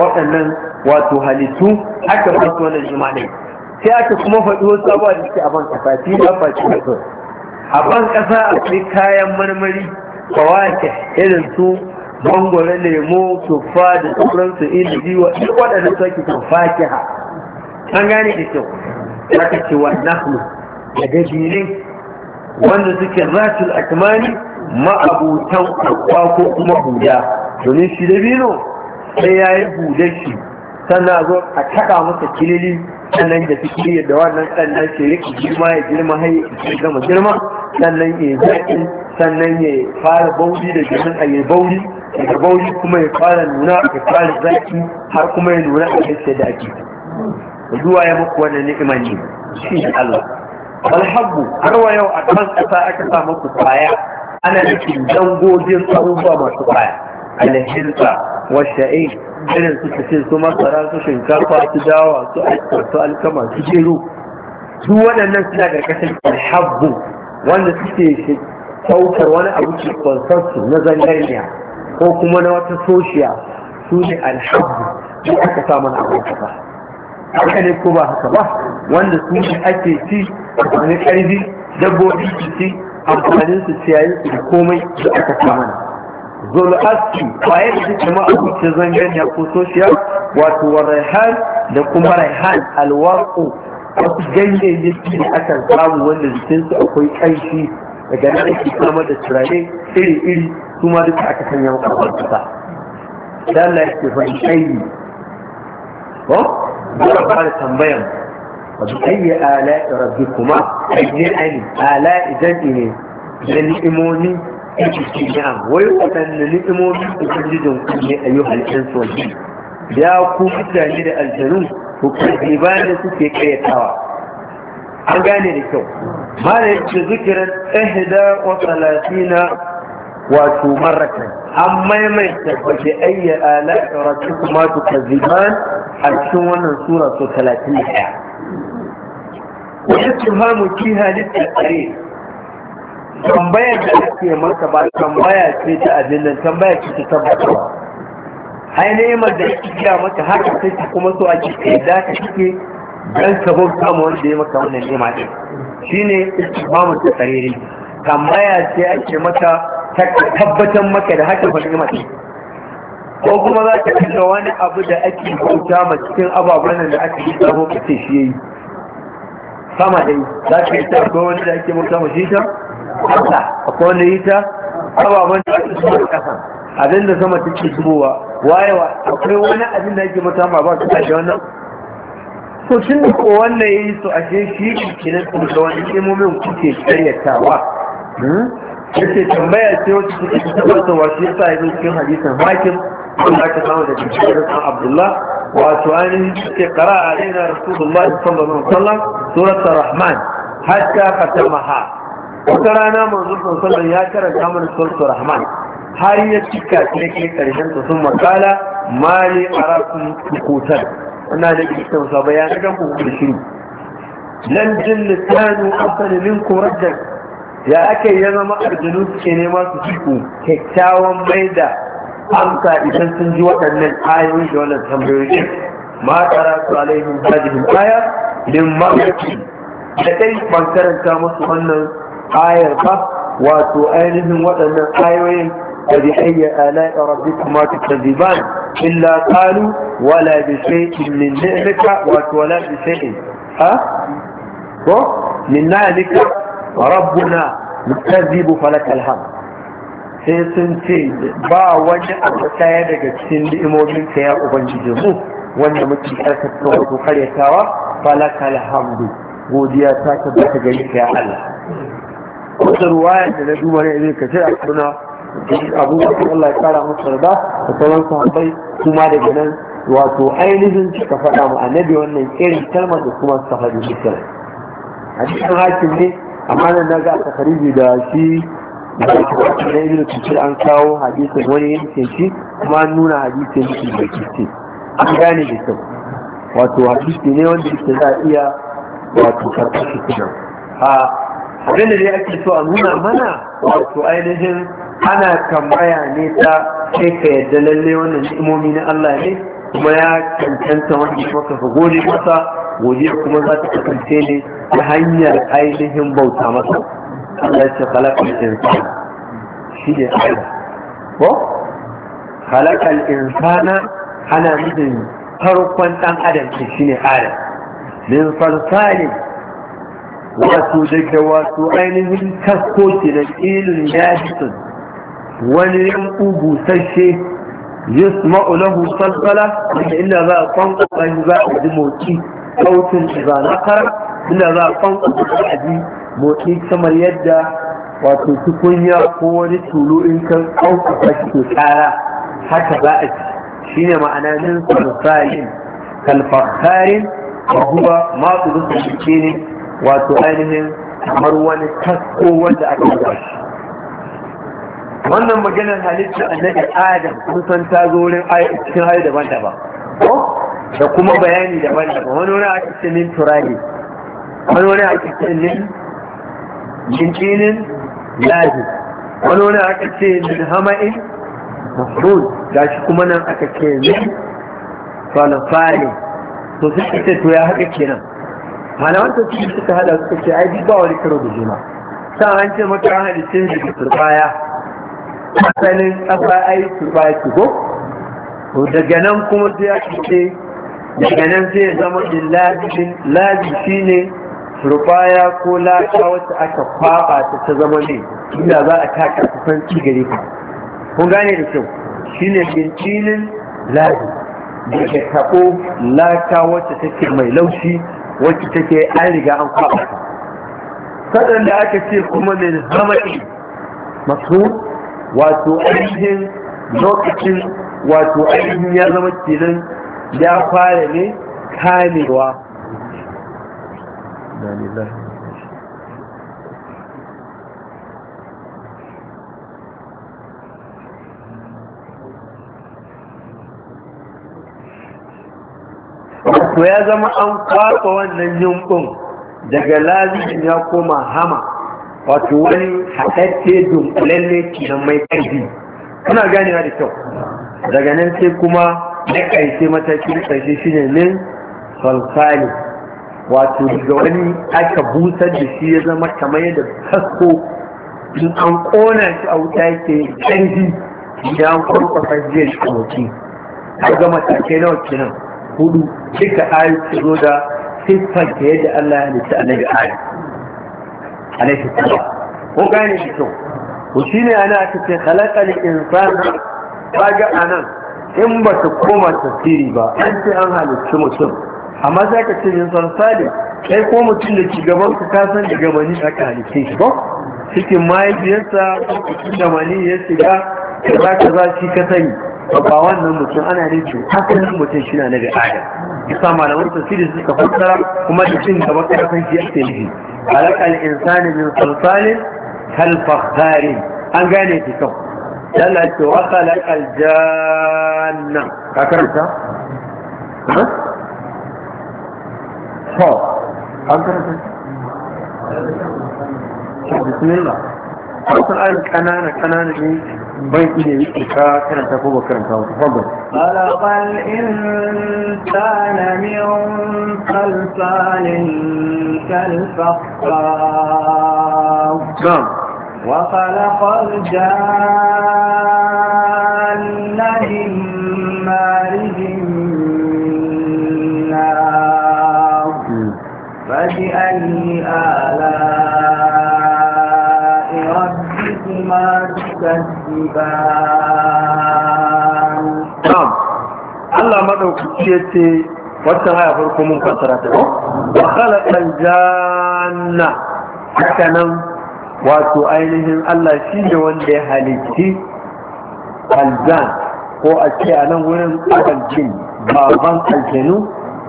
waɗannan wato halittu aka ba su wannan jima'i sai aka kuma faɗi wasu abuwa da suke a ban ƙasa shi ba ba shi a ban ƙasa akwai kayan marmari kawake irin su mangoro lemo tuffa da sauransu ilimi wa duk waɗanda sake kan fakiha an gane da kyau zaka ce wa nahnu da gabilin wanda suke ratul akmani ma'abutan kwa ko kuma buda domin shi da bino sai ya yi shi sannan a zo a taɓa masa kilili sannan da fikiri da wannan sannan ke yi girma ya girma har ya gama girma sannan ya zaƙi sannan ya fara bauri da jirgin a yi bauri daga bauri kuma ya fara nuna ya fara zaƙi har kuma ya nuna a kai da ake zuwa ya muku wannan ni'ima ne shi Allah alhabbu har wa yau a kan ƙasa aka sa muku kwaya ana nufin dangogin abubuwa masu kwaya alhinsa washa'i irin su ce su masara su shinkafa su dawa su aika su alkama su jero su waɗannan suna ƙarƙashin alhabbu wanda suke saukar wani abu ke kwansansu na zangarniya ko kuma na wata soshiya su ne alhabbu su aka sa mana abu ba haka ne ko ba haka ba wanda su ne ake ci a wani ƙarfi dabbobi su ci amfanin su ciyayin su da komai da aka sa mana zul'aski kwaye da suke ma'abucin zangen ya ko soshiya wato wa raihan da kuma raihan alwarko wasu ganyayyaki da aka samu wanda jikinsu akwai ƙanshi daga nan ake samar da turare iri-iri su ma duka aka sanya makarfar kusa dan Allah yake fa ayi ko ba fara tambayan wa bi ayi ala rabbikuma ajin ayi ala idan ne da ni'imoni الاتجاه ويؤمنهم ويجدهم كله أيها الإنس والجن بياكو مثل عند الجنون وكذبان سكي كي يتعوى أغاني لكو ما لك ذكر إهدى وثلاثين واتو مرة أما يما يتبقى أي tambayar da ake maka ba tambaya ce ta abin nan tambaya ce ta tabbatarwa ai ne'imar da ake gida maka haka take kuma so ake kai da ka kike dan ka bauta ma wanda ya maka wannan nema din shine mu ta tsarere tambaya ce ake maka ta tabbatar maka da haka fa nema din ko kuma za ka kalla wani abu da ake bauta ma cikin ababen da ake yi tsaro ka ce shi yayi sama dai za ka yi ta ko wani ake bauta ma shi ta Allah akwai wanda yi ta ababen da ake zuwa kasan abin da sama take zubowa wayewa akwai wani abin da yake mata ma ba su tashi wannan So, shin da ko ya yi su ashe shi kenan kuma da wani imomin kuke karyatawa hmm? yace tambaya ce wacce take wasu shi yasa yazo cikin hadisan. hakim wanda aka samu da jikin Abdullah wato ainihin ce a alaina rasulullahi sallallahu alaihi wasallam surat ar-rahman hatta katamaha? wata rana manzo sallallahu ya karanta mana suratul rahman har ya cika ta yake karshen ta sun makala mali arakum kutan ana da kitan sa bayan da ku ku shiru lan jinnatanu asal minkum ya ake ya zama arjinu suke nema su ku kyakkyawan maida amsa idan sun ji waɗannan ayoyi da wannan tambayoyi ma tsara alaihim hajihim aya min mamaki da dai ban karanta musu wannan ayar ba wato ainihin waɗannan ayoyin da bi ayya ala rabbika ma tukadiban illa qalu wala bi shay'in min ni'mika wato wala bi shay'in ha ko min nalika rabbuna mukazzibu falak hamd sai sun ce ba wani abu daya daga cikin ni'imomin ka ya ubangiji mu wanda muke karkata wato karyatawa falak alhamdu godiya ta tabbata gari ka ya Allah wata ruwaya da na duba ne zai kace a suna abu Allah ya kara masa da da sauran sahabbai kuma daga nan wato ainihin suka faɗa mu annabi wannan irin kalmar da kuma suka faɗi dukkan hadisin hakim ne amma nan na ga a tafariji da shi da ibn kusur an kawo hadisin wani yankin shi kuma an nuna hadisin shi da kisti an gane da kyau wato hadisi ne wanda yake za a iya wato karɓar shi kuma abin da dai ake so a nuna mana wato ainihin ana tambaya ne ta kai ka yadda lalle wannan ni'imomi na Allah ne kuma ya cancanta wanda kuma ka gode masa gode kuma za ta kasance ne ta hanyar ainihin bauta masa Allah ce khalaqal insana shi ne Allah ko khalaqal insana ana nufin farkon dan adam shi ne adam min salsalin wato daga wato ainihin kaskoki da ilin yajisun wani yanku busasshe yusma'u lahu salsala da ina za a kwankwasa shi za a ji motsi sautin zanakar ina za a kwankwasa shi a ji motsi kamar yadda wato tukunya ko wani tulu in kan kwankwasa shi ke kara haka za a ci shine ma'ananin sarsayin kalfakarin wa huwa ma su ne wato ainihin kamar wani kasko wanda aka yi wannan maganar halittar annabi adam kun san ta zo wurin cikin hali daban-daban da kuma bayani daban-daban wani wani ake ce min turani wani wani ake ce min jinjinin lazi wani wani ake ce min hama'in ga gashi kuma nan aka ce min falafali to sun ce to ya haka kenan malaman cikin suka hada suka ce ai ba wani karo da juna sa an ce maka an halitta shi da turbaya asalin kafa ai turbaya ki ko to daga nan kuma sai ya kike daga nan sai ya zama illazin lazi shine turbaya ko lata wacce aka kwaba ta ta zama ne inda za a taka kusan ci gare ka kun gane da kyau shine bincinin lazi da ke tako lata wacce take mai laushi wacce take an riga an kwaɓa ta saɗan da aka ce kuma min hamadi masu wato ainihin lokacin wato ainihin ya zama kenan ya fara ne kamewa to ya zama an kwakwa wannan yumbin daga lalibin ya koma hama wato wani haɗaɗɗe dunkulalle kenan mai ƙarfi kuna ganewa da kyau daga nan sai kuma na ƙarshe matakin ƙarshe shine min falsali wato daga wani aka busar da shi ya zama kamar yadda kasko in an ƙona shi a wuta yake ƙarfi ya kwakwa kwarkwasa shi a wuce har ga matakai nawa kenan hudu duka ayu su zo da siffar ta yadda Allah ya halitta annabi ayu alaihi salam ko gane shi kyau ko shine ana aka ce khalaqal insana kaga anan in ba ta koma tasiri ba an ce an halitta mutum amma za ka ce min sarsali kai ko mutum da ke gaban ku ka san daga mani aka halitta shi ba cikin mahaifiyarsa ko cikin da ya shiga ka za za shi ka sani ba wannan mutum ana ne ce hakan mutum shi na nabi adam isa malaman tafsiri suka fassara kuma da cin gaba karfin shi ake nufi alaqal insani min salsalin kal fakhari an gane ki kau Allah ce wa khalaqal janna ka karanta to an karanta bismillah wasu ayyukan kanana kanana ne إلي تفضل خلق الإنسان من خلفان كالفخار نعم وخلق الجان من مارج من فبأي آلاء ربكما تكذبان نعم الله مدعوك farko mun يفركم ta, فترته وخلق الجنة حكنا wato ainihin Allah shi ne wanda ya halitti aljan ko a ce a nan wurin aljin baban aljanu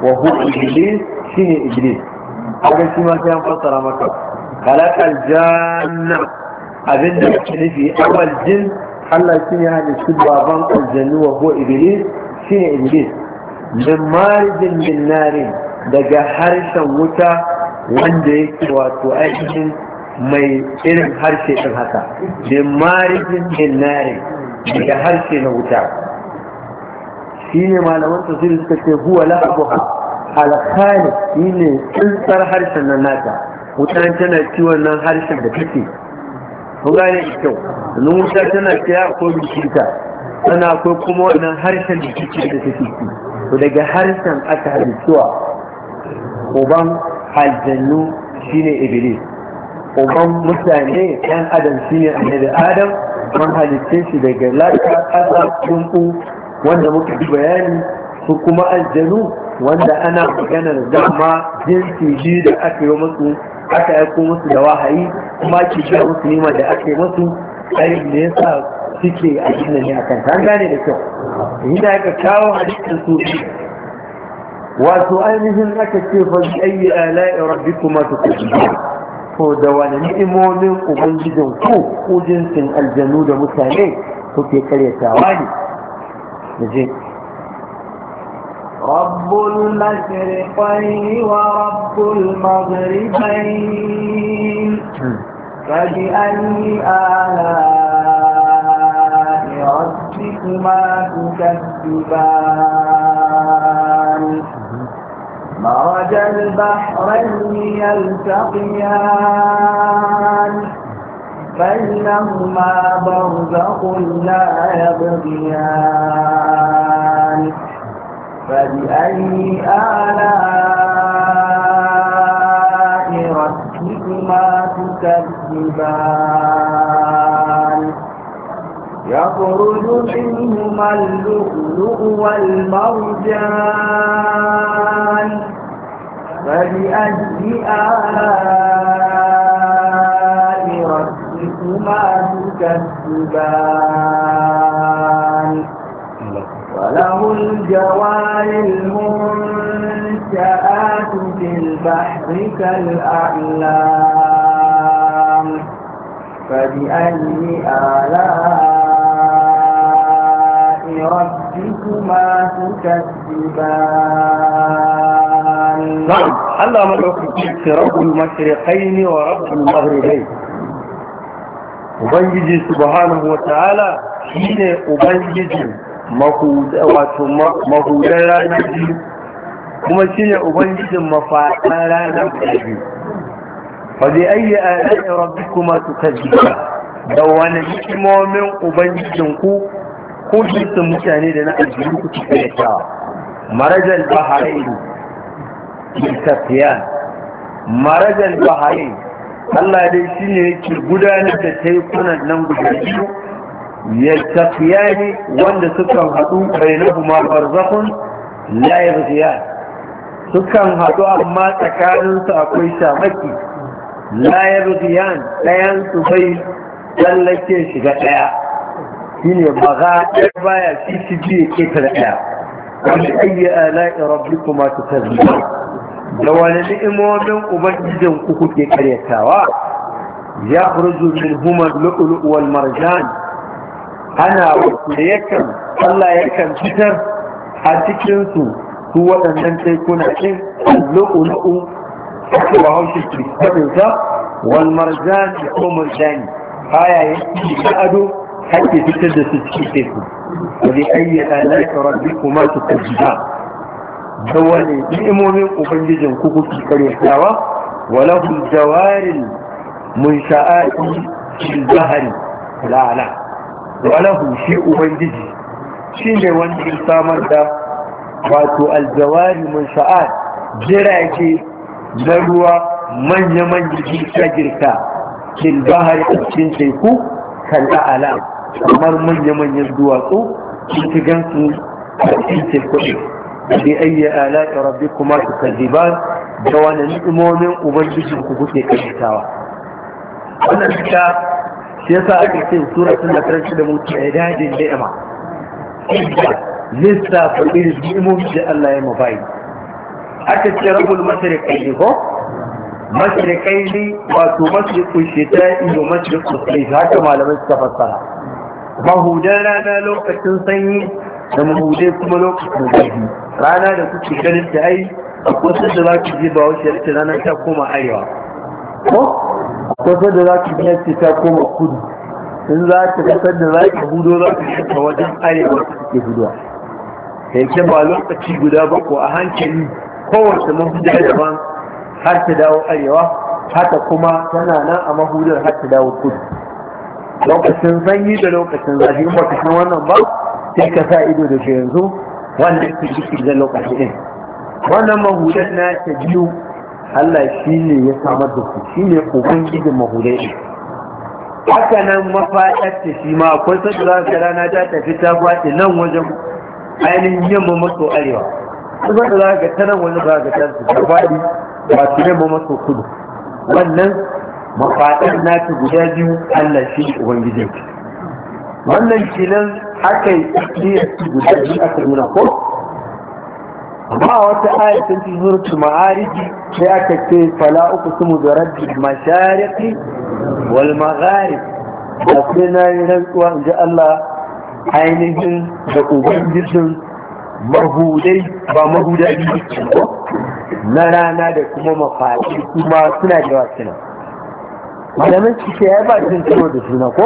wa hu iblis shi ne iblis a shi ma sai an fassara maka halakal janna abin da ake nufi awal jin Allah shi ne shi baban aljannu wa ko iblis shi ne iblis min marijin min daga harshen wuta wanda yake wato ainihin mai irin harshe din haka min marijin min daga harshe na wuta shi ne malaman tasiri suka ce huwa la'abuha alkhali shi ne tsintsar harshen nan nata wutan tana ciwon nan harshen da take kun gane kyau sannan wuta tana tsaya ko bikinta tana akwai kuma wannan harshen da kike da take ci to daga harshen aka halittuwa uban aljannu shine iblis uban mutane yan adam shine annabi adam man halitte shi daga lata ƙasa dumbu wanda muka yi bayani su kuma aljanu wanda ana maganar dama jinsi biyu da aka yi aka aiko musu da wahayi kuma ki biya musu nima da aka yi musu ai ne yasa suke a cikin ne akan ta gane da kyau inda aka kawo hadisin su wato ainihin aka ce fa bi ayi kuma rabbikuma ku? to da wani ni'imomin ubangijin ku ko jinsin aljanu da mutane kuke karyatawa ne Na رب المشرقين ورب المغربين فبأي آلاء ربكما تكذبان مرج البحرين يلتقيان بينهما برزق لا يبغيان فبأي آلاء ربكما تكذبان يخرج منهما اللؤلؤ والمرجان فبأي آلاء ربكما تكذبان وله الجوار المنشآت في البحر كالأعلام فبأي آلاء ربكما تكذبان نعم الله مدعوك رب المشرقين ورب المغربين وبنجي سبحانه وتعالى حين shi mahudan rana biyu kuma shi ne ubangijin mafaɗan rana biyu ba zai ayi a ɗan rabbi kuma su kaji da wani hikimomin ubangijin ku ko jinsin mutane da na aljihu ku suka yi shawa marajal baharai tafiya marajal baharai Allah dai shi ne yake gudanar da taifunan nan gudanar yaltaqiyani wanda sukan hadu bainahuma barzakhun la yabghiyan sukan hadu amma tsakanin su akwai shamaki la yabghiyan dayan su bai tsallake shiga daya shine ya baya shi shi ji ke da daya wani ayyi ala'i rabbikuma tukazzibun da wani ni'imomin ubangijin ku kuke karyatawa ya min huma lu'lu'u wal marjan ana da yakan Allah yakan fitar a cikin su su waɗannan tekuna ɗin lu'ulu'u ake haushe haushi kristalinsa wal marjan da ko marjani haya ya ci da ado ake fitar da su cikin teku wa bi ayyata laika rabbikuma tukajjiba da wani ni'imomin ubangijin ku kuke karyatawa wa lahum jawaril munsha'ati fil bahri la'ala walahu shi ubangiji shi ne wanda ya samar da wato aljawari mun sha'ad jirage na ruwa manya-manya jirka girka cikin bahari a cikin teku kan ala kamar manya-manyan duwatsu cikin gansu a cikin teku bi ayyi ala'i rabbikuma tukadiban da wani ni'imomin ubangijin ku kuke karantawa wannan ta shi yasa ake ce sura da karshe da mutu ya dajin ni'ima lissa fa irin ni'imomi da Allah ya mabayi aka ce rabul mashriqai ne ko mashriqai ne wato mashriqu shita'i wa mashriqu sayf haka malamai suka fassara mahudan rana lokacin sanyi da mahudai kuma lokacin zafi rana da kuke ganin ta ai akwai sun da za ku je ba wuce rana ta koma arewa ko da za ki biya ce ta koma kudu in za ka kasar da za ka hudo za yi ta wajen arewa ta ke huduwa da yake ba lokaci guda ba ko a hankali kowace mahuda daban har ta dawo arewa haka kuma tana nan a mahudar har ta dawo kudu lokacin sanyi da lokacin zafi in baka san wannan ba sai ka sa ido da yanzu wannan ke jikin da lokacin wannan mahudar na ta biyu Allah shi ne ya samar da su shi ne gidan mahudai haka nan mafaɗar ta shi ma akwai sanda za ka rana ta tafi ta kwace nan wajen ainihin yamma maso arewa kuma da za ka ta nan wajen za ka ta su ta faɗi ba su yamma maso kudu wannan mafaɗar ta guda biyu Allah shi ne gidan. wannan kinan aka yi tsiriyar guda biyu aka nuna ko ba wata ayatun fi suratul ma'arij sai aka ce fala uqsimu bi rabbil mashariki wal magharib da kuma yi rantsuwa inji Allah ainihin da ubangijin mahudai ba mahudai na rana da kuma mafaɗi kuma suna da wasu malamin cike ya ba jin karo da suna ko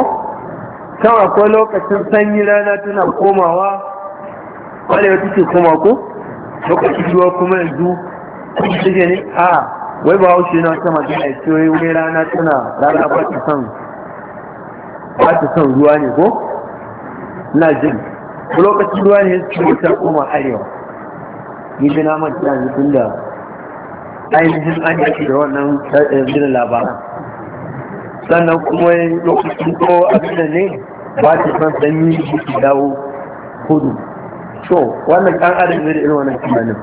Kawai akwai lokacin sanyi rana tana komawa kwalewa take koma ko lokacin ruwa kuma yanzu kuma shige ne a wai ba haushe na wata magana ya ce wai rana tana rana ba ta san ba ta san ruwa ne ko na jin lokacin ruwa ne su ta koma arewa ni ji na manta ne tun da ainihin an yaki da wannan eh, jirgin labaran sannan kuma lokacin ko abin da ne ba ta san sanyi da dawo kudu to wannan ɗan adam zai da irin wannan tunanin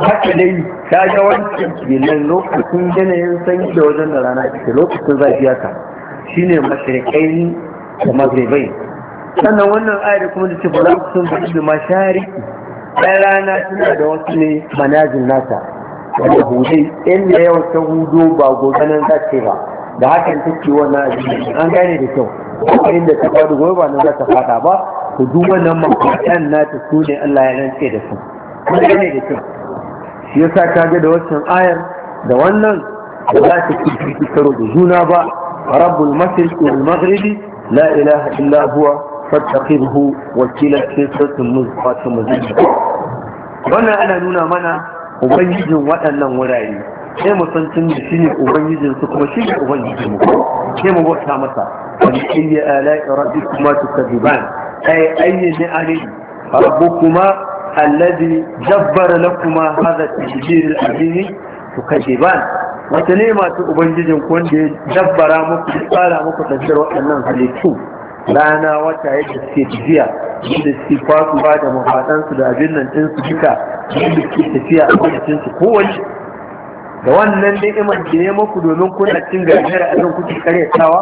haka dai ta ga wancan kenan lokacin yanayin sanyi da wajen da rana ita lokacin zafi haka shine mashrikai da magribai sannan wannan ayar kuma da ce ba za ku sun faɗi da mashariki ɗan rana suna da wasu ne manajin nasa wanda hudai in da yawan ta hudu ba gobe nan za ce ba da hakan take wannan an gane da kyau kuma inda ta faɗi gobe ba nan za ta fada ba to duk wannan makwatan nata su ne Allah ya rantse da su kuma ne da kyau shi yasa ka ga da waccan ayar da wannan ba za ta ci karo da juna ba rabbul mashriq wal maghribi la ilaha illa huwa fattakhirhu wakila kila sirrin muzqatu muzqatu wannan ana nuna mana ubangijin waɗannan wurare sai mu san tun da shi ne ubangijin su kuma shi ne ubangijin mu sai mu bauta masa wani ayi ala'i rabbi kuma su kaziban ai ayi ne Rabbu kuma, alladhi jabbara lakuma hadha tadbir al-azim tukaziban wata ne masu ubangijin ku wanda ya jabbara muku ya tsara muku tafiyar waɗannan halittu rana wata yadda suke tafiya yadda suke kwasu ba da mafaɗansu da abin nan ɗinsu duka yadda suke tafiya a kwanacinsu kowace da wannan ni'imar ki ne maku domin kuna cin gajiyar a nan kuke karyatawa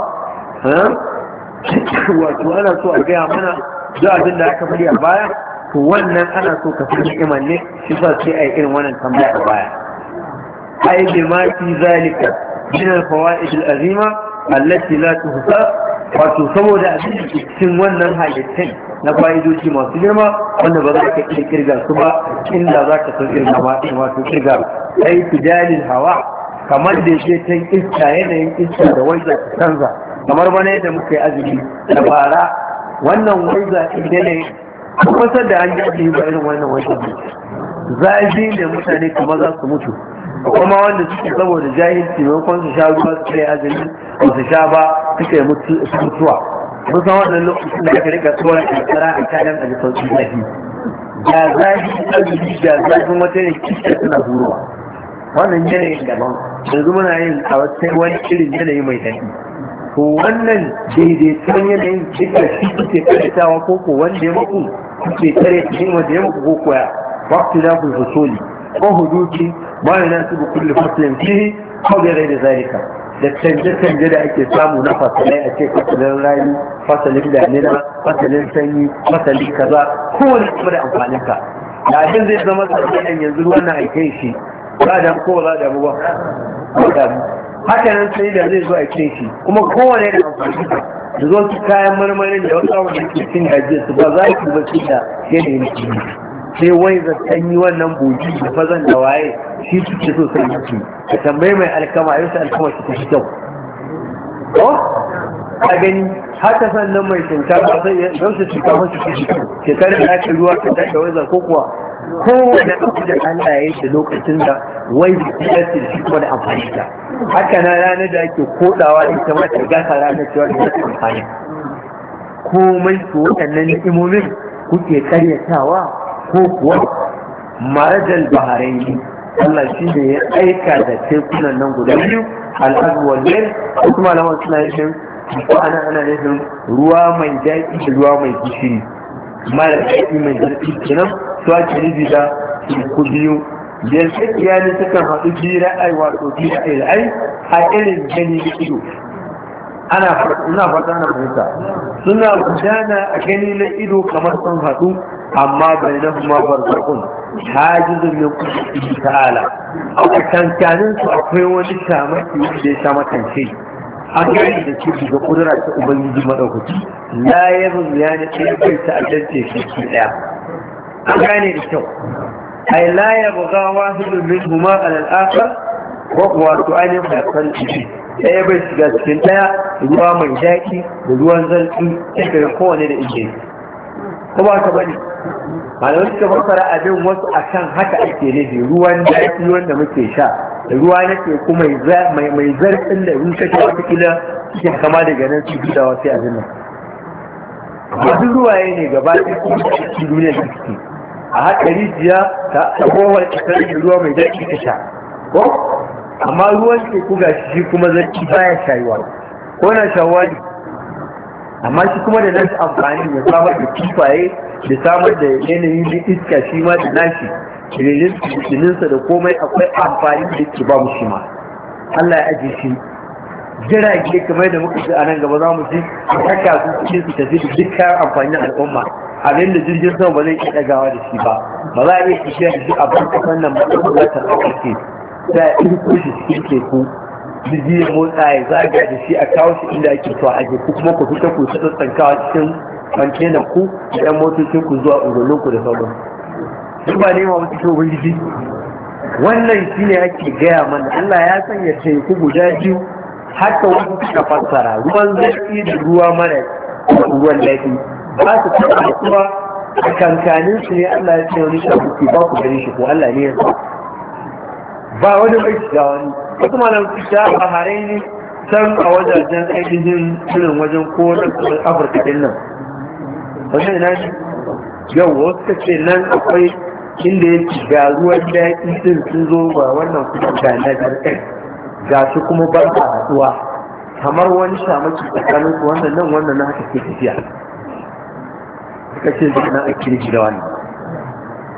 wato ana so a gaya mana duk abin da aka fi a baya to wannan ana so ka fi ni'imar ne shi ba sai a yi irin wannan tambaya a baya ai bi ma fi zalika min al-fawaid al-azima allati la tuhsa wato saboda abinci cikin wannan halittun na fa'idoci masu girma wanda ba za ka iya kirga su ba inda za ka san irin maɗin masu kirga ai fijalin hawa kamar da ke can iska yanayin iska da waiza ta canza kamar bana yadda muka yi azumi da fara. wannan waiza yanayin kusa da an yi azumi ba irin wannan waiza ne zafi da mutane kuma za su mutu kuma wanda suke saboda jahilci maimakon su sha ruwa su kai azumi ba su sha ba suka yi mutuwa mun san wannan lokacin da aka rika tsoron kankara a kayan a jikin su zafi ga zafi arziki ga zafin wata ne kishiyar suna huruwa wannan yanayin daban yanzu muna yin a wata wani irin yanayi mai daɗi ko wannan daidaiton yanayin duka shi kuke karatawa ko ko wanda ya muku kuke tare cikin wanda ya muku ko koya waktu da ku fasoli ko huduki ba yana su bi kullu faslin fihi ko da rai da zalika da canje-canje da ake samu na fasalai a ce fasalin rani fasalin damina fasalin sanyi fasalin kaza kowane kuma da amfanin ka da abin zai zama tsakanin yanzu wannan aikin shi ba da ko za da ruwa da haka nan sai da zai zo aikin shi kuma kowane da amfanin ka da zo su kayan marmarin da wasu awon da ke cin su ba za ki ba su da yanayin jini sai wai zan yi wannan boji da fazan da waye shi suke so sai yake ka tambayi mai alkama yau alkama su ta kyau ko a gani haka sannan mai shinkafa sai ya don su shinkafa su ke kyau shekarar da ake ruwa ta tashi wai zan ko kuwa kowane da Allah ya yi lokacin da wai da kilarci da shi da amfani ta haka na ranar da ake kodawa da ita mata gasa ranar cewa da ta amfani komai to waɗannan ni'imomin kuke karyatawa ko kuwa marajal baharai Allah shi ne ya aika da tekunan nan guda biyu al'adwal ne kuma alamar suna yin ko ana ana nufin ruwa mai daɗi da ruwa mai gishiri mara daɗi mai zarfi kenan su ake nufi da teku biyu yanzu kiyani sukan haɗu biyu ra'ayi wato biyu ra'ayi a irin gani da ido ana ina fata na fahimta suna gudana a gani na ido kamar sun haɗu amma bai na kuma barzakun hajizun min kusurci ta'ala a kankanin su akwai wani tamaki wanda ya sama makance an gari da ke daga kudura ta ubangiji maɗaukaki la ya ya ne ɗaya bai ta ajiyarce shi ɗaya an gane da kyau ai la ya buga wahidun min huma al'akar ko kuwa su ainihin mai kan ciki ɗaya bai shiga cikin ɗaya ruwa mai daɗi da ruwan zalɗi kai kowane da ike ko ba ka bane malamai suka fassara abin wasu akan haka ake nufi ruwan daɗi wanda muke sha da ruwa na teku mai zarfin da in kashe wata kila suke kama daga nan su gida wasu abin nan wasu ruwaye ne gaba ɗaya su duniya da suke a haka rijiya ta kowar kasar ruwa mai daɗi ta sha amma ruwan teku ga shi kuma zaki baya shayuwa ko na shawali amma shi kuma da nasu amfani ya samar da kifaye da samar da yanayin da iska shi ma da nashi rininsa da komai akwai amfani da yake ba mu ma Allah ya ajiye shi jirage kamar da muka ji a nan gaba za mu ji haka su cikin su tafi da duk kayan amfanin al'umma abin da jirgin sama ba zai iya ɗagawa da shi ba ba za a iya tafiya da shi a ban nan ba za ta ɗauke sai a ɗirko cikin teku jirgi ya motsa ya zaga da shi a kawo shi inda ake to a ku kuma ku fita ku tsankawa cikin kwantenan ku da yan motocin ku zuwa unguwannin ku da sauran su ba nema mutu kyau jiki? wannan shi ne ake gaya mana Allah ya sanya teku guda biyu haka wasu suka fassara ruwan zafi da ruwa mara ruwan lafi ba su taɓa kuma kankanin su ne Allah ya ce wani shafuki ba ku gani shi ko Allah ne ya sa ba wani aiki da wani wasu malam fita a harai ne can a wajajen ainihin irin wajen ko na afirka din nan wajen ina shi yau wasu ka ce nan akwai inda ya ci ga ruwan daɗi din sun zo ba wannan kuma ga na jirgin ga shi kuma ba a haɗuwa kamar wani shamaki tsakanin su wannan nan wannan na haka ke tafiya suka ce zai na a kirki da wannan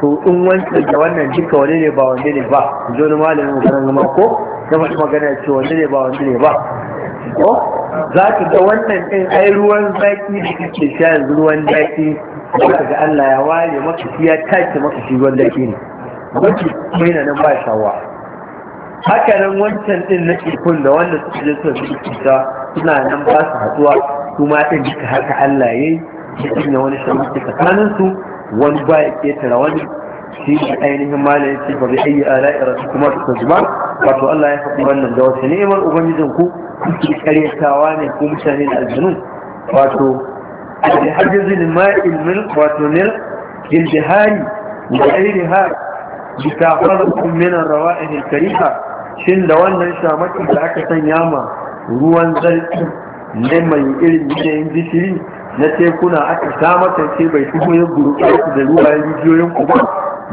to in wancan da wannan duka wani ne ba wanda ne ba zo ni malamin kan zama ko da faɗi magana ya ce wanda ne ba wanda ne ba ko za ka ga wannan ɗin ai ruwan zaki da kake sha yanzu ruwan zaki za ka ga Allah ya ware maka shi ya tace maka shi ruwan zaki ne wanki kuma yana nan ba shawa haka nan wancan ɗin na ikon da wanda suka je suka fi cuta suna nan ba su haɗuwa kuma ɗin duka haka Allah ya yi shi ne wani shamaki tsakaninsu wani ba ya ketara wani shi ne ainihin ya ce ba zai yi ala su, kuma su tajima wato Allah ya faɗi wannan da wata ni'imar ubangijin ku kuke karyatawa ne ko mutane da aljanu wato alhajjazin ma'il min wato nil indihari da ainiha bisa farkon minan rawa'in kariha shin da wannan shamakin da aka sanya ma ruwan zarki ne mai irin yanayin gishiri na tekuna aka sha mata ce bai shigo ya gurɓa da ruwayen rijiyoyin ku ba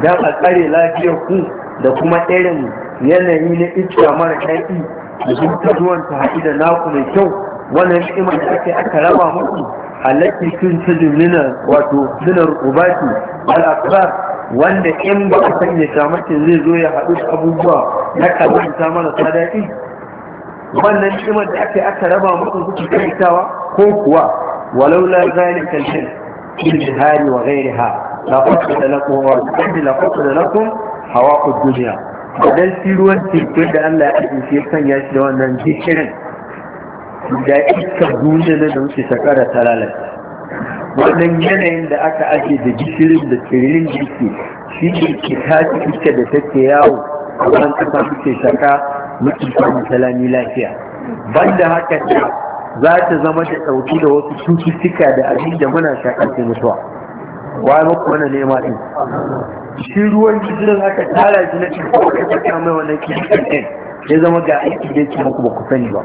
don a tsare lafiyar ku da kuma irin yanayi na iska mara ƙarfi da sun ta zuwan ta haɗu da naku mai kyau wannan ni'imar da ake aka raba muku halatti kun ta jimlina wato zinar ubati al wanda in ba a sanya shamakin zai zo ya haɗu da abubuwa na kazanta marasa daɗi wannan ni'imar da ake aka raba muku kuke karantawa ko kuwa ولولا ذلك الشرك بالجهاد وغيرها لفصل لكم لفصل لكم حواق الدنيا بدل في ruwan tekun da Allah ya ajiye ya sanya shi da wannan jikirin da iska duniya na da muke sakara da lalata wannan yanayin da aka ajiye da jikirin da tsirin jiki shi ne ke tashi iska da take yawo a wani kasa muke shaka mutum samun salami lafiya banda haka za ta zama ta ɗauki da wasu cututtuka da abin da muna shaƙar mutuwa wa maku wani nema ɗin shi ruwan jirgin haka tara shi na cikin kawai ta kama wannan kirkin ɗin ya zama ga aiki da yake muku ba ku sani ba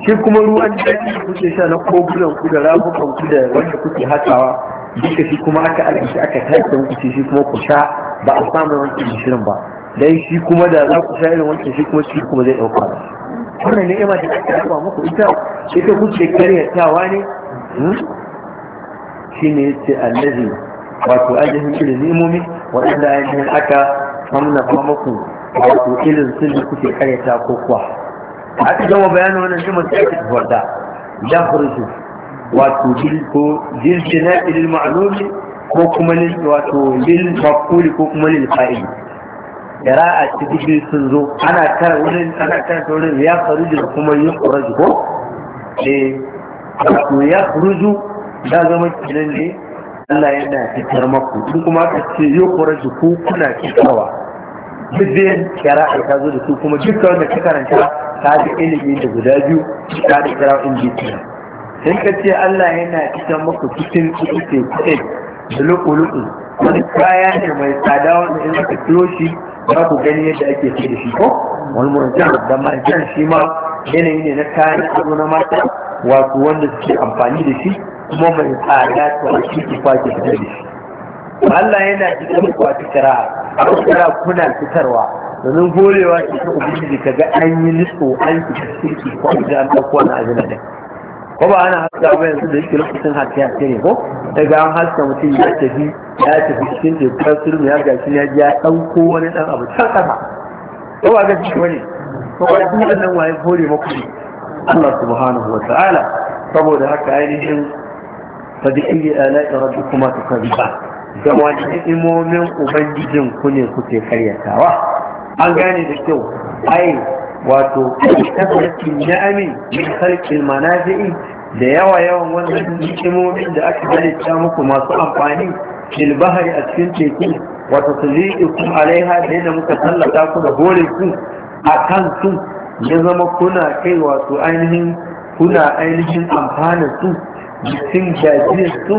shi kuma ruwan jirgin da kuke sha na kogunan ku da rafukan ku da wanda kuke hakawa duka shi kuma aka alƙi aka tashi muku shi kuma ku sha ba a samun wancan shirin ba dan shi kuma da za ku sha irin wancan shi kuma shi kuma zai ɗauka ba wannan ni'ima da ake raba muku ita ita kuke karyatawa ne hmm? shi ne yace allazi wato ajihin irin ni'imomi waɗanda ajihin aka samnafa muku wato irin sun da kuke karyata ko kuwa aka gama bayanin wannan jimar sai aka tafi da jahursu wato ko jinsi na ilil ko kuma wato lil mafuli ko kuma lil fa'ili kira a cikin sun zo ana kara wani ana kara wurin ya da kuma yin quraju ko eh to ya faruju da zama kinan ne Allah yana fitar maku duk kuma aka ce yi quraju ko kuna kitawa duk dai qira'a ta zo da su kuma duk wanda ka karanta ta fi ilimi da guda biyu ta da kira in ji sai ka ce Allah yana fitar maku cikin kuɗi kuɗi da lu'ulu'u wani kaya ne mai tsada wanda in ka kiro shi za ku gani yadda ake ce da shi ko wani murjan da marjan shi ma yanayi ne na kayan ado na mata wato wanda suke amfani da shi kuma mai tsada ta shi ki kwace da shi Allah yana fitar kwa fitara a fitara kuna fitarwa domin gorewa ita ubangiji kaga an yi nisko an fitar sirki ko an an ɗauko na ko ba ana haska ba yanzu da yake lokacin haske haske ne ko daga an haska mutum ya tafi ya tafi cikin tekun surmi ya gashi ya ji ya ɗauko wani dan abu can ƙasa ko ba ga shi wani ko ba duk wannan waye kore maku Allah subhanahu wa ta'ala saboda haka ainihin fa bi ayyi ala'i rabbikuma tukazziban da wani ni'imomin ubangijin ku ne kuke karyatawa an gane da kyau ai wato kasarci na'ami min halkin manazi'i da yawa yawan wannan hikimomin da aka halitta muku masu amfani fil bahari a cikin teku wato tuli'ikum alaiha da yadda muka tallata ku da hore ku a kan su ya zama kuna kai wato ainihin kuna ainihin amfana su jikin jajiyar su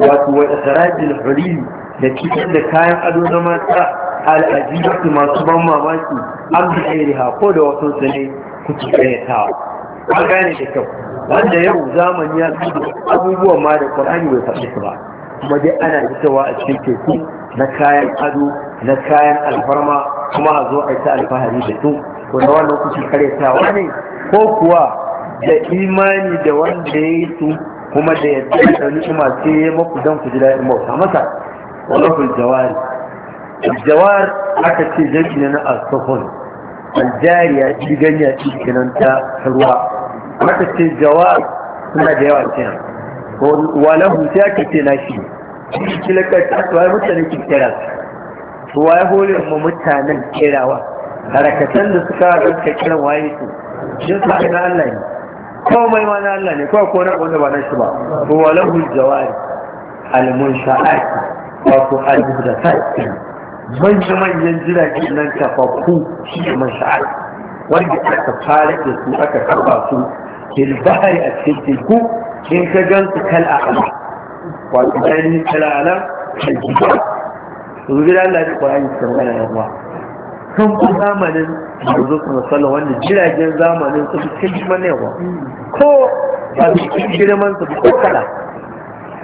wato wa isarajin huriri da cikin da kayan ado na mata al'ajibati masu ban mamaki an bi airiha ko da wasu su ne kuke kayyatawa an gane da kyau wanda yau zamani ya fi abubuwan ma da ƙwarani bai faɗi su ba kuma dai ana fitowa a cikin teku na kayan ado na kayan alfarma kuma a zo a yi ta alfahari da su wanda wannan kuke karyatawa ne ko kuwa da imani da wanda ya yi su kuma da yadda da kuma sai ya maku don ku ji daɗin bauta masa wallafin jawari jawar aka ce jami'i na alkohol aljariya shi ganya shi ruwa aka ce jawar suna da yawa kenan ko walahu sai aka ce na shi shi kilaka ta tuwa mutane ke kira su ya hore mu mutanen kerawa harakatan da suka ranka kiran waye su shi su na Allah ne komai ma na Allah ne kawai ko na wanda ba shi ba ko walahu jawari al-munsha'at wato al-muhdathat manya-manyan jiragen nan kafafu shi ne man sha'ar wanda aka fara da su aka karba su bilbahari a cikin teku in ka gan su kal a ala wato ainihin kal a ala kan gida su da Allah da kwayan su magana na ruwa kan ku zamanin da zo su Sallah wanda jiragen zamanin su cikin mana yawa ko ba su cikin girman su ko kala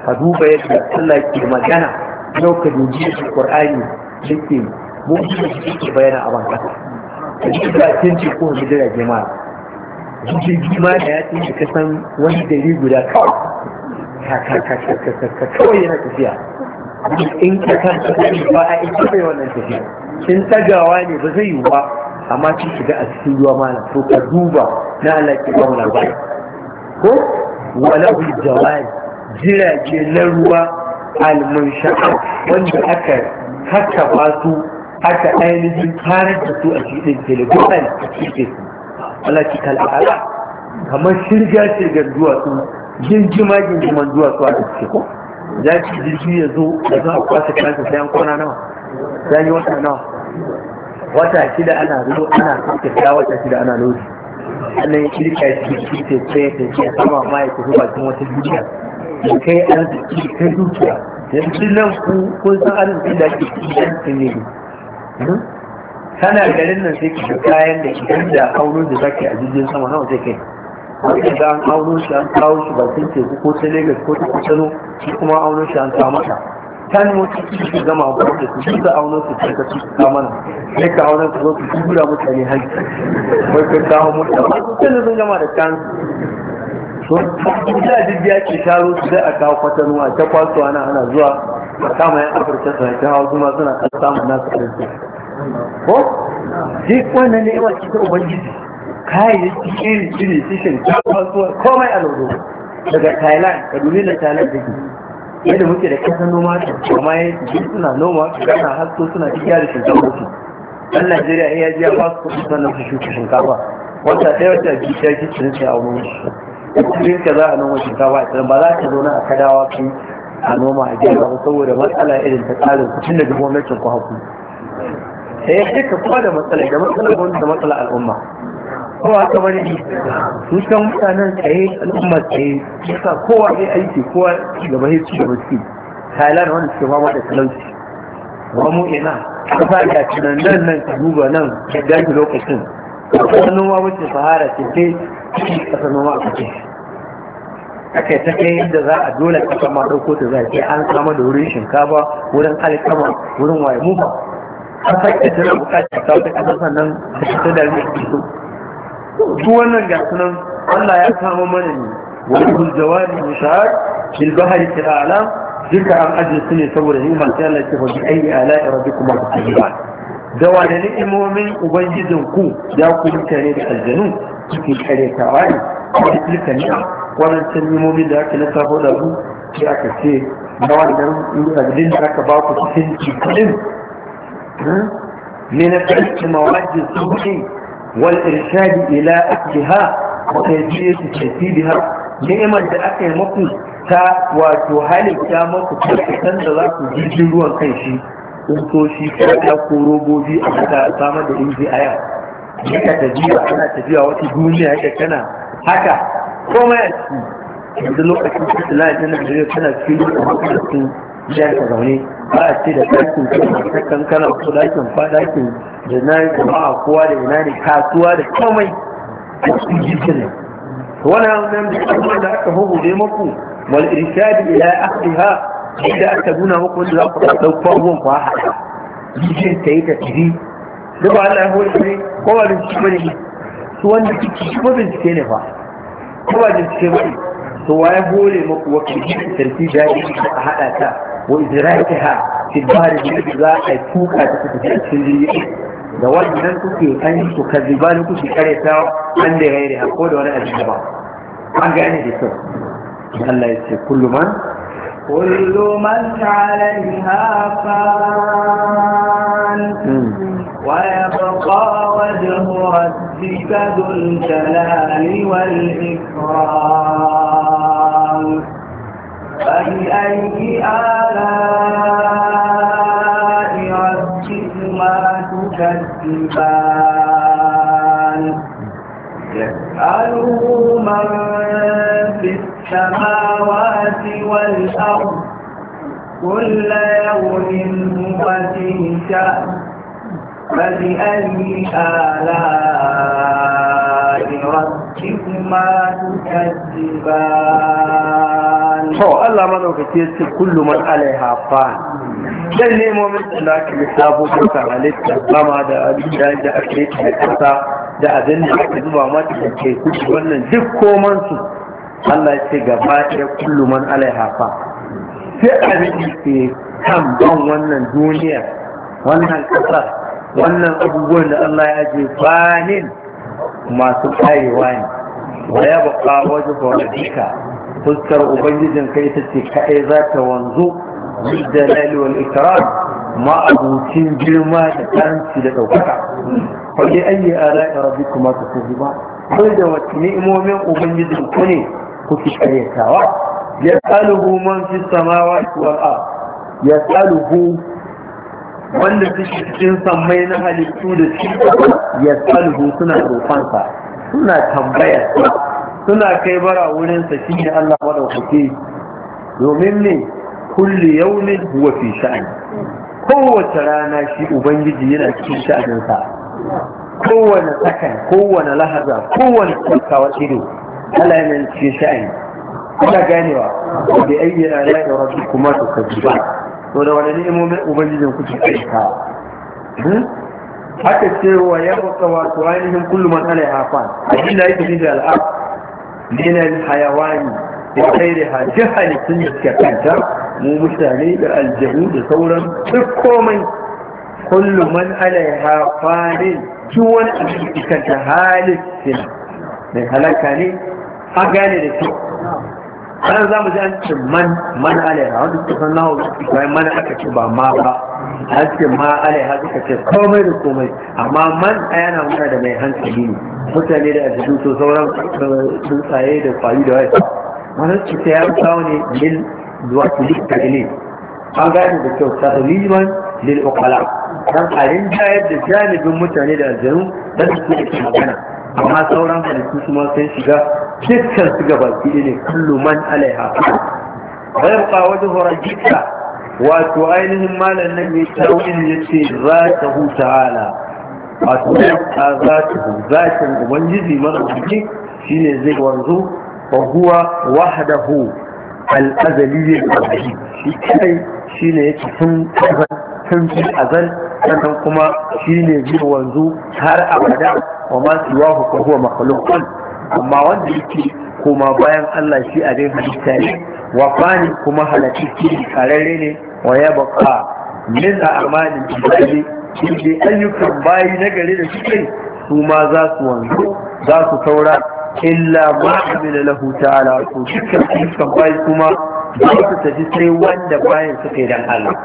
ka duba yadda Allah ke magana yau ka dubi Qur'ani yake bukukuwa da yake bayana a banka da duk da cin ce ko da jirage ma jirgi ma da ya tsinci san wani dari guda kawai kawai yana tafiya in ka kan tafiya ba a ita bai wannan tafiya Kin tagawa ne ba zai yi ba amma sun shiga a cikin ruwa mana to ka duba na Allah ke ba mu labari ko wala hu jawai jirage na ruwa al-munsha'a wanda aka kakkafa su aka ainihin tarar da su a cikin telegram a cikin su Allah ki kal'ala kamar shirga zuwa duwatsu jinjima jinjiman duwatsu a cikin ko za ki jirgi ya zo da za a kwasa kansa sai an kwana nawa za yi wata nawa wata shida ana zo ana kakkafa wata shida ana lodi annan ya kirka shi ke sai ya tafi a sama ma ya tafi bakin wata duniya da kai arziki kai dukiya yanzu nan ku kun san arziki da ake cikin ne hmm? kana garin nan sai ka kayan da idan da auno da zaki a jirgin sama nawa sai kai wanda da an auno shi an kawo shi ba sun teku ko ta lagos ko ta kusurno shi kuma auno shi an kawo mata kan mutu su gama abu da su su da auno su sai ka su kawo mana sai ka auno su zo su dubura mutane hanci wai ka kawo mutane ba su sun gama da kansu da jirgiya ke taro su da a kawo A ta kwaso ana ana zuwa a kama yan afirka suna ta hawa kuma suna kan samun nasu ɗansu ko duk wannan ne yawa cikin ubangiji kayayyaki irin iri tishin ta kwaso komai a lodo daga thailand ka dubi na thailand da ke yadda muke da kasa noma ta kuma ya ji suna noma su gana hasko suna cikiya da shinkafa su ɗan najeriya ya ji ya kwaso kuɗi sannan su shuka shinkafa wata ɗaya wata biyu ta ji sun sai a wani kuɗin ka za a noma shinkafa a ba za ka zo na a kadawa ki a noma a gida ba saboda matsala irin ta tsarin kuɗin da gwamnatin ku haku eh duka kuma da matsala da matsala gwamnati da matsala al'umma kowa haka bane ne dukkan mutanen tsaye al'umma tsaye yasa kowa ya aiki kowa gaba ya ci gaba ci thailand wanda suke fama da talauci ba mu ina sa ga tunan nan nan ka duba nan ka gaji lokacin kasar noma wacce sahara ce sai kasar noma a cikin aka yi ta kai yadda za a dole kasan ma ɗauko ta za sai an kama da wurin shinkafa wurin alkama wurin waye mufa kasar da tana bukatar kawo ta kasar sannan ta fito da rikin su duk wannan ga Allah ya kama mana ne wani hulzawani mushahar bilbahari kira alam duka an ajiye su ne saboda ni masu yana ce hobi ayi ala'i rabbi kuma ku ta ba da wa da ni'imomin ubangijin ku ya ku mutane da aljanu suke karetawa ne a cikin ni'am wannan kalmomin da aka nasa ko da sai aka na wannan inganin da aka ba ku cikin cikin hmm, ne na fahimci mawajin sauƙi wal irshadi ila akiha ko ta yi su tafi da har ne'imar da aka yi muku ta wato halin ya muku tafi da za ku ji ruwan kan shi ƙuntoshi ta ko robobi a kada a da inji a yau ka tafiya ana tafiya wata duniya ya kana haka komai yanzu lokacin fitila ta na jirgin tana cikin lokacin cikin jihar ka zaune ba a ce da ɗakin ta kankana ko ɗakin fa ɗakin da na yi jama'a kowa da ina ne kasuwa da komai a cikin jirgin nan wannan nan da kuma da aka hubude maku wal irshadi ila ahliha da aka nuna maku wanda za ku ɗauko abubuwan ku haka jirgin ta yi ta tiri duk Allah ya hori ne kowa bincike ne su wanda suke kuma bincike ne fa kuma jin cikin mai to ya hore muku wa kirki sarki jari a haɗa ta wa izra'iha fi bari da za a tuka ta ta tafi cikin jirgi da wannan kuke an yi ku kazibani kuke kare ta an da gairi ko da wani azaba an gane da kyau Allah ya ce kullu كل من عليها فان ويبقى وجه ربك ذو الجلال والإكرام فبأي آلاء ربكما تكذبان يسأله من في السماء السماوات والأرض كل يوم هو في شأن فبأي آلاء ربكما تكذبان هو الله ما لو كتير كل من عليها فان dan nemo min tsanaki lissafo duka halitta sama da abin da ake yi da kasa da abin da aka zuba mata da ke kuci wannan duk komansu Allah ya ce gaba ɗaya kulluman man alaiha fa sai abin ke kan ban wannan duniya wannan ƙasar wannan abubuwan da Allah ya aje banin masu karewa ne wa ya baka wajen fawadika fuskar ubangijin kai ita ce kaɗai za ta wanzu da lalewar ikram abokin girma da karanci da ɗaukaka kwalle ayyar ala'i rabbi kuma ta ba kai da wata ni'imomin ubangijin ku ne kuke karyatawa ya tsaluhu man fi samawa wal ard ya tsaluhu wanda suke cikin sammai na halittu da cikin ya tsaluhu suna roƙonsa suna tambayar suna kai bara wurinsa shi ne Allah madaukake domin ne kulli yaumin huwa fi sha'ani kowace rana shi ubangiji yana cikin sha'aninsa kowane sakan kowane lahaza kowane tsakawar ido Allah yana cikin sha'ani kuna ganewa bi ayyi da rabbikuma kuma to da wani ni'imomin ubangijin kuke aikawa hmm? haka ce wa ya baka wato ainihin kullum an ala ya fa abin da yake da al'ab dinan hayawani da kaire ha jahalitin da suka kanta mu mutane da aljahu da sauran duk komai kullum an ala ya ne duk wani abin da kanta halittin mai halaka ne a gane da kyau anan za mu ji an ce man man alaiha wanda suka san nawa suke bayan mana aka ce ba ma ba A ce ma alaiha suka ce komai da komai amma man aya na muna da mai hankali ne mutane da ajiyu so sauran eh, tsuntsaye da kwayi da wasu wannan su ta yaro kawo ne lil zuwa su duk ne an gane da kyau ta liman lil ukala dan a rinjayar da janibin mutane da aljanu dan su ke magana amma sauran halittu kuma sai shiga dukkan su gabaki ne kullu man alaiha bayar ka wajen horajista wato ainihin malam nan ya tawin ya ce za ta huta hala. wato ta za ta huta zatin ubangiji marubuci shine zai wanzu wa huwa wahdahu al-azali al-azali shi kai shine yake tun azal sannan kuma shi ne zai wanzu har abada wa ma siwahu ko kuma makhluqun amma wanda yake kuma bayan Allah shi a dai halitta ne wa fani kuma shi karare ne wa ya baka min a'malin ibadi shi ayyukan bayi na gari da shi kai, su ma za su wanzu za su saura illa ma amila lahu ta'ala ko dukkan ayyukan bayi kuma za su tafi sai wanda bayan suka yi dan Allah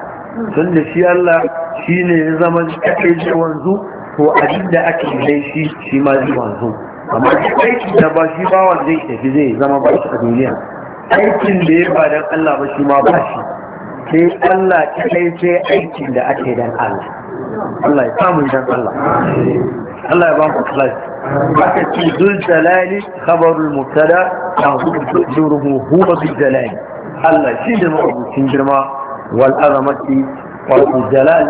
tun da shi Allah shi ne ya zama kaɗai da wanzu to abin da ake yi shi shi ma zai wanzu amma aiki da ba shi bawan zai tafi zai zama ba shi a duniya aikin da ya ba dan Allah ba shi ma ba shi sai Allah kaɗai sai aikin da ake dan Allah Allah ya samu dan Allah Allah ya ba mu ikhlas haka ce dul jalali khabarul mubtada ta hudu duruhu huwa bil jalali Allah shi da mabucin girma والعظمة والجلال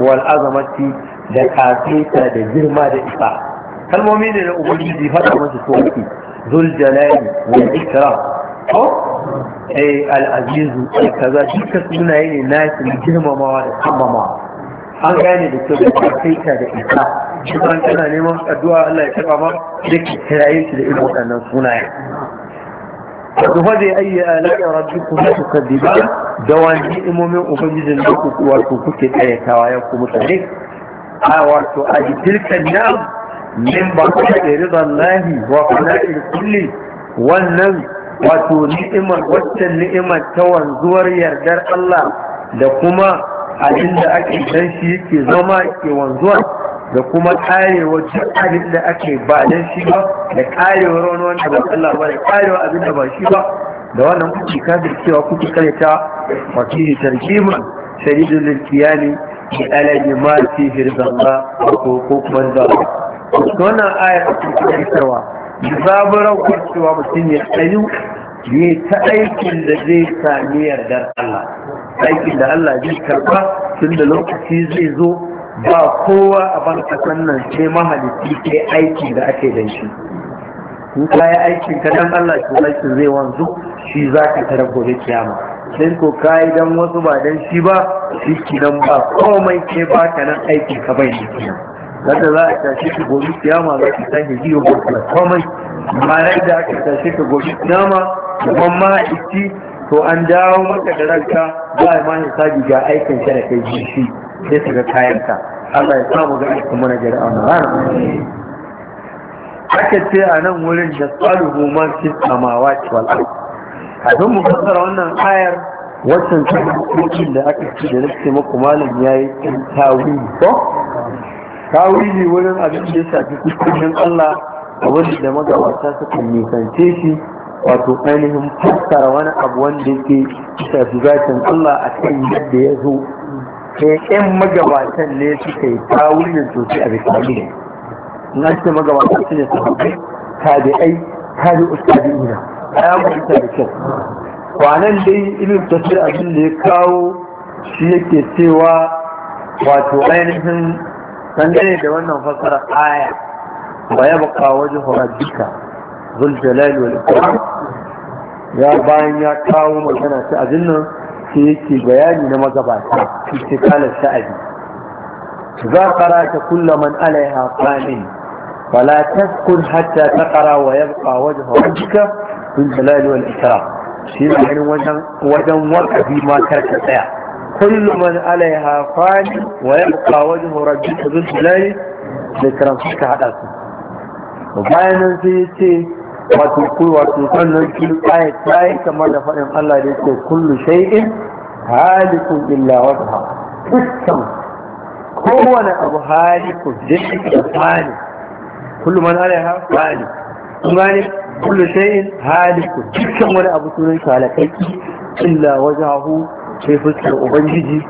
والعظمة da kafeta da girma da isa kalmomi ne da ubangiji faɗa masa soki zul jalali wal ikram ko eh al azizu al kaza duka sunaye ne na shi girmamawa da kammama an gane da kyau da kafeta da isa shi an kana neman addu'a Allah ya taba ma yake kiraye shi da irin waɗannan sunaye kuma da ayi alaka rabbiku na tukaddiba da wani imomin ubangijin da ku wato kuke tsaye tawa ya mutane a wato a jikin na min ba ku da ridan lahi wa kuna kulli wannan wato ni'imar ni'imar ta wanzuwar yardar Allah da kuma abinda ake dan shi yake zama ke wanzuwar. da kuma karewar duk abin da ake ba dan shi ba da karewar wani wanda ba Allah ba da karewar abin da ba shi ba da wannan kuke kafir cewa kuke karanta wakili tarjiman shadidul lilkiyani da alaji ma fi hirzalla ko ko kuma da wannan aya ta cikin cewa zaburar kurcewa mutum ya tsayu ne ta aikin da zai sami yardar Allah aikin da Allah zai karba tun da lokaci zai zo ba kowa a ban kasan nan sai mahalitti ke aiki da ake da shi in ka yi aikin ka dan Allah shi zai zai wanzu shi za ka tara gobe kiyama sai ko ka yi dan wasu ba dan shi ba shi dan ba komai ke ba ka nan aiki ka bai ne kiyama. zaka za a tashi ki gobe kiyama za ka tashi biyu Kuma komai ma'anar da aka tashi ka gobe kiyama kuma ma'aiki to an dawo maka da ranka ba ma hisabi ga aikin ka da kai shi sai su ga kayan kayanka Allah ya samu ga aikin mu na gari a wannan rana ake ce a nan wurin da tsaluhu man fi samawa ce wal A kafin mu fassara wannan ayar wancan tsakokin da aka ci da nake muku malam yayi tawili ko tawili wurin abin da ya shafi kuskuren Allah abin da magabata suka nisance shi wato ainihin fassara wani abu wanda ke shafi zatin Allah a kan yadda ya zo in magabatan ne suka yi tawulin sosai a bisani ne an ce magabatan su ne su haɗu tabi'ai tabi ustadi'ina a ya fahimta da kyau kwanan dai ilin tafsir abin da ya kawo shi yake cewa wato ainihin dangane da wannan fasara aya ba ya baka wajen horadika zul jalali wal ya bayan ya kawo magana ta abin nan sai yake bayani na magabata ce kala sha'abi za qara'ta kullu man alaiha qanin fala taskun hatta taqra wa yabqa wajhu rabbika bil jalali wal ikram shi ne irin wajen wajen wakafi ma karka tsaya Kullum man alaiha qanin wa yabqa wajhu rabbika bil jalali wal ikram suka hada su bayan nan sai yace wato ko sannan shi ayat ta yi kamar da faɗin Allah da yake kullu shai'in halikun illa wajha dukkan kowane abu halikun dukkan hali kullu man kun gane kullu halikun dukkan wani abu sunan shi halakaki illa wajhahu sai fuskar ubangiji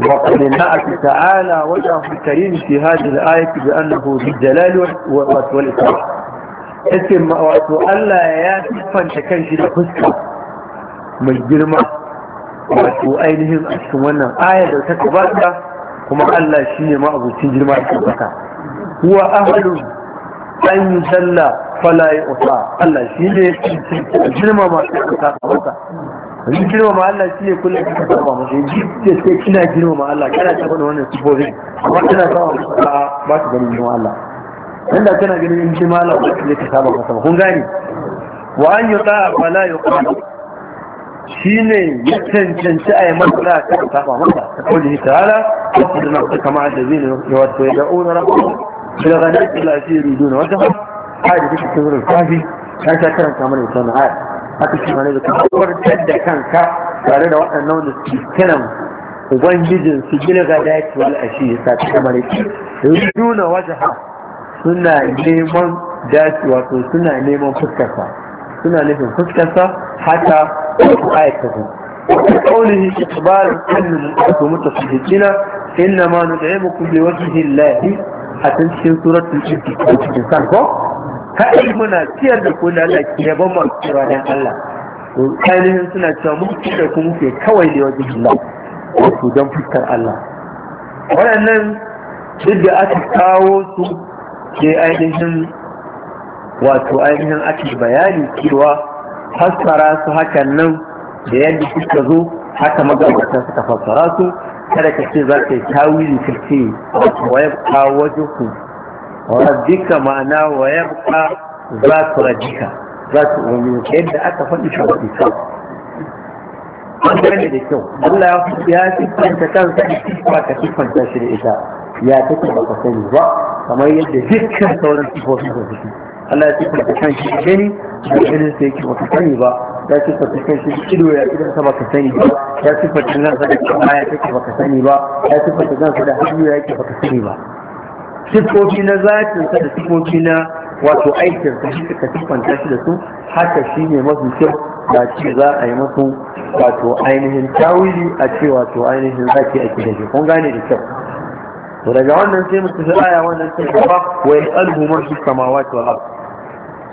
وقد نعت تعالى وجهه الكريم في هذه الآية بأنه yace wato Allah ya siffanta kanshi da fuska mai girma wato ainihin a cikin wannan aya da ta gabata kuma Allah shine ma abucin girma da tsaka huwa ahlu an yusalla fala yusa Allah shi shine girma ma ta tsaka girma ma Allah shi ne kullum ka saba masa in sai kina girma ma Allah kana ta wani wannan sifofi amma kana saba masa ba ta ganin girmama Allah inda kana ganin in ji malam ne ka saba masa kun gane wa an yi ta fala ya kuma shi ne ya cancanci a yi masana ta saba masa ta kawai ta hala ta kudu na kuka kama da zai ne wato ya da'o na shi da ganin ila fi rudu na wata hajji ta cikin wurin kafi ta sha karanta mana ya na hajji haka shi ma ne da kuma kwartar da kanka tare da waɗannan wanda suke kanan ubangijin su gina ga dace wal ashi ya sa ta kamar yake rudu na wata ha? suna neman dace wato suna neman fuskarsa suna nufin fuskarsa haka wasu aikatu wasu kauli shi shi ba da kalli wasu mutu su hijina inna ma nuka yi muku bai wasu hillahi a tun cikin suratun cikin cikin sarko. ko muna siyar da kuna da ke ban ma turanen Allah ainihin suna cewa muku ci da kuma ke kawai ne wajen Allah wato don fuskar Allah Wadannan duk da aka kawo su sai ainihin wato ainihin ake bayani cewa fassara su hakan nan da yadda suka zo haka magabata suka fassara su kada ka ce za ka yi tawili ka ce wa yabqa wajhu rabbika ma'ana wa yabqa Za rabbika zatu ka yadda aka faɗi shi ba isa wanda da kyau Allah ya fi ya fi kanta kansa da kifa ka kifanta shi da ita ya take ba ka sani ba kamar yadda dukkan sauran sifofin da suke Allah ya tafi da kan shi gani da irin sai yake baka sani ba ya tafi da kan shi ido ya idan sa baka sani ba ya tafi da nan sa da kuma ya take baka sani ba ya tafi da nan sa da hannu ya yake baka sani ba sifofi na zatin sa da sifofi na wato aikin sa shi suka sifanta shi da su haka shi ne mafi kyau ba ce za a yi mafi wato ainihin tawili a ce wato ainihin zaki ake da shi kun gane da kyau to daga wannan sai mutum da aya wannan sai gaba wa yasalhu man fi samawati wal ard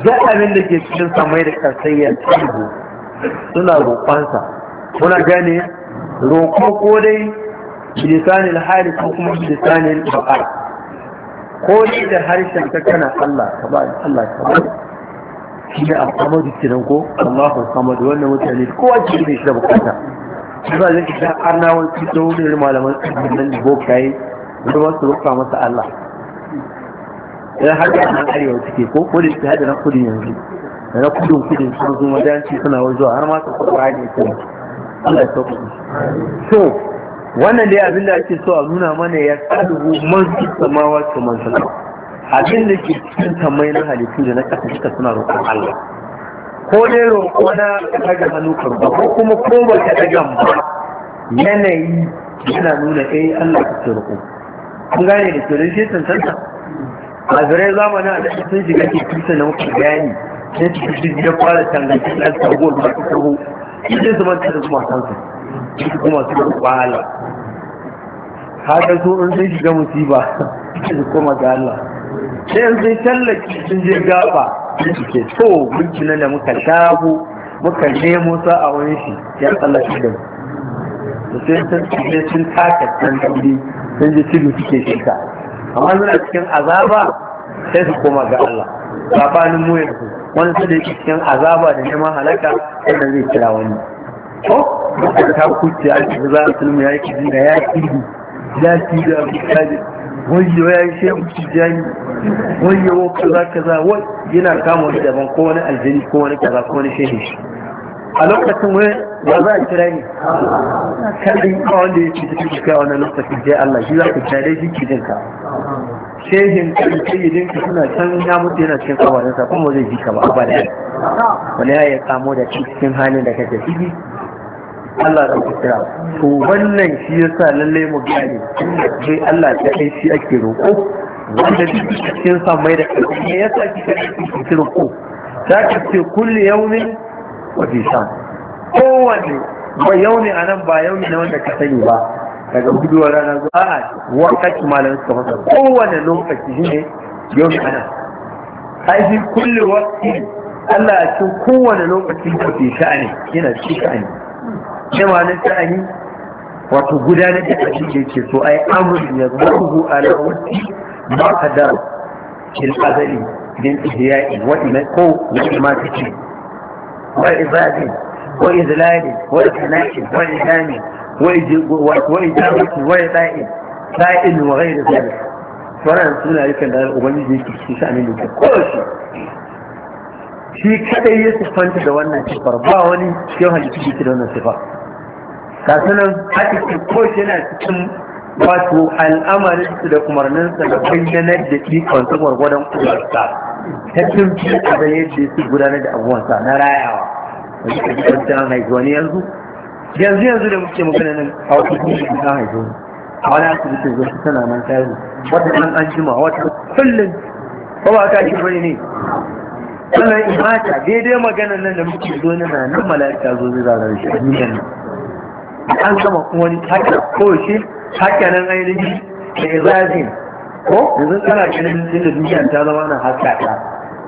da abin da ke cikin samai da kasai ya tsambo suna roƙonsa kuna gane roƙo ko dai bilisanil hali ko kuma bilisanil baqar ko dai da harshen ka kana Allah ka ba Allah ka ba shi ne alhamadu kiran ko Allahu samad wannan mutane kowa ke da shi da bukata shi ba zai ta arnawa ki da wani malaman tsibirin bokaye kuma su rufa masa Allah idan har da nan arewa suke ko ko da su na kudin yanzu da na kudin kudin sun zuwa majalci suna wajewa har ma su kuɗa hajji su Allah ya sauka so wannan dai abin da ake so a nuna mana ya sadu man su samawa su man su abin da ke cikin kamai na halittu da na kasa suka suna roƙon Allah ko dai roƙo na ɗaga hannu karɓa ko kuma ko ba ka ɗaga ba yanayi yana nuna eh Allah ka ce roƙo sun gane da kyau don shi tantanta a zirai zamanin a sun shiga ke kusa na muka gani sai su fi ya fara tangantar ɗan tagowar masu taho sai su manta da kuma matansu su kuma su da kwala haka so in sun shiga musiba su kuma ga Allah sai in sun tallaki sun je gaba su ke so bincina da muka shafu muka nemo sa a wani shi ya tsallaki da mu sai sun sun taka can dauri sun ji tudu suke shirka amma suna cikin azaba sai su koma ga Allah sabanin mu yanzu wani su da cikin azaba da neman halaka sannan zai kira wani ko da ta kuce a cikin za a sulmu ya yi da ya kiri ya kiri da abu kaji ya yi shehu ya wayo kaza kaza wai yana kama wani daban ko wani aljini ko wani kaza ko wani shehu a lokacin wani ba za a kira ne kadin kawon da ya ce cikin da kai wani lokacin jai Allah shi za ku kira shi cikin ka shehin kan sayyidin ka suna can ya mutu yana cikin kawarin sa kuma zai ji ka ba abada wani ya ya kamo da cikin halin da kake ciki Allah da ku kira to wannan shi sa lalle mu gane sai Allah ta kai shi ake roƙo wanda cikin sa mai da kai ya sa kika cikin roƙo za ka ce kullu yawmin wa fi kowane ba yauni a nan ba yauni na wanda ka sani ba daga guduwar rana zuwa a wakati malam suka fasa kowane lokaci shi ne yauni a nan haifi kulle wakati Allah a cikin kowane lokaci da fi sha'ani yana ci sha'ani shi ma na sha'ani wato gudanar da abin da ke so ai amur ya zuwa a lokaci ba ka da fil azali din ihya'i wa'ina ko wani ma ce وإبادة وإذلال وإحناك وإهانة وإجابة وإبائن سائل وغير ذلك wannan suna rikan da ubangiji yake cikin da ko shi shi kadai ya siffanta da wannan sifar ba wani yau halittu yake da wannan sifar ga sanan haka ko shi yana cikin wato al'amarinsu da umarninsa da bayyanar da ikon su gwargwadon kudarsa ta tunfi a da yadda su gudanar da abuwansa na rayawa a cikin kwanciyar ta ne wani yanzu yanzu yanzu da muke magana nan a wata kuma ta haifi wani a wani asibitin zuwa su tana nan tayo wata nan an jima wata kullum ba ba ka shi ne sannan imata daidai maganan nan da muke zo na nan mala'ika zo zai zarar shi a duniyan nan an sama wani haka ko shi haka nan ainihin da izazin ko yanzu kana ganin da duniya ta zama na haka ta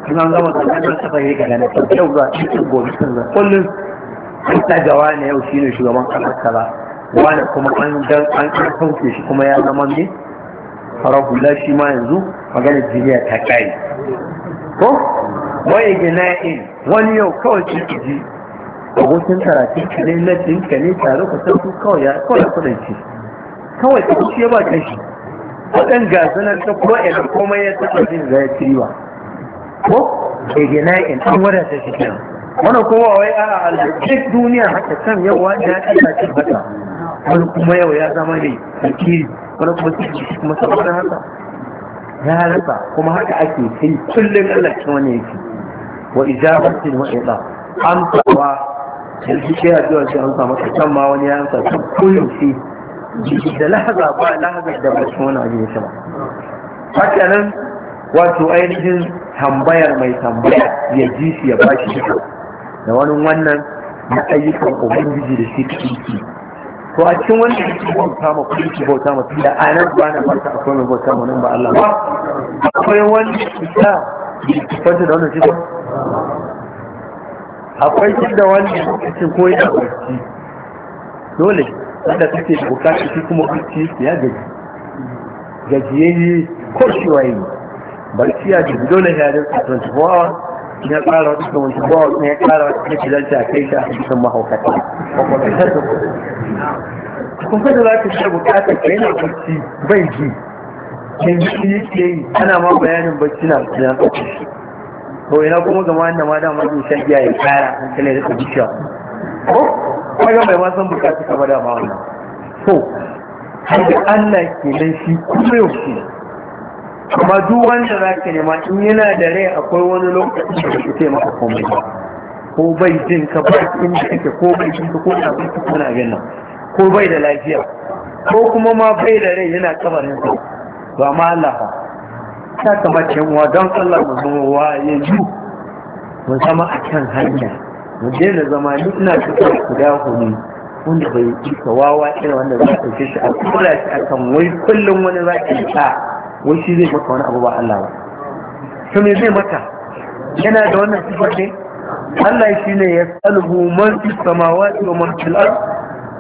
kuma an gama tsakanin kafa ne gane ta yau ga cikin gobe sun zan kullum an ta yau shi ne shugaban kasar kaza wani kuma an dan an sauke shi kuma ya zama ne farar hula shi ma yanzu maganar duniya ta kai ko wani gina'in wani yau kawai cikin ji abokin karatun ka ne latin ka ne tare ku san su kawai ya kawai kudan ce kawai ka kuce ba kan shi wadan gasanar ta kuma ina komai ya taɓa jin zai tiriwa ko in an wadata shi kenan wannan kowa wai a duk duniya haka can yau wani ya ɗaya ce haka wani kuma yau ya zama ne alkiri wani kuma su kuma saboda haka ya rasa kuma haka ake kai kullum Allah shi wani yake wa ijabatin wa ila amsawa yanzu sai addu'a shi an samu can ma wani ya amsa ta shi da lahaza ba lahaza da ba su wani abin ya ba haka nan wato ainihin tambayar mai tambaya ya ji shi ya ba shi da wani wannan na ayyukan ubangiji da shi shi to a cikin wani cikin bauta ma kuma shi bauta ma tunda a nan ba na farka akwai mai bauta ma nan ba Allah ba akwai wani da ya fanta da wannan akwai inda wanda yake ko yana dole wanda take bukata shi kuma ya gaji gajiyayye ko shi waye barci ya gaji dole ya da 24 hours ya tsara wata 24 hours ne ya tsara wata take zanta a kai ta a cikin mahaukata kuma da za ka bukata ka yana barci bai ji yanzu yake yi ana ma bayanin barci na tsaye to ina kuma ga wanda ma da mutum shan giya ya kara an kale da bishiya ko ga mai ma san bukatu ka bada ma wannan to har da Allah ke nan shi kuma yau kuma duk wanda za ka nema in yana da rai akwai wani lokaci da ku ce maka komai ko bai jin ka ba inda kake ko bai jin ka ko na bai ka kuna gina ko bai da lafiya ko kuma ma bai da rai yana kabarin sa ba ma Allah ba ya kamata yan uwa don Allah mu zama wayayyu mu zama a kan hanya mu daina zama ni ina cikin guda huni wanda bai isa wawa irin wanda za ka ɗauke shi a kula shi kan wai kullum wani za ka yi wai shi zai maka wani abu ba Allah ba to me zai maka yana da wannan sifar ne Allah shi ne ya salhu man fi samawati wa man fil ard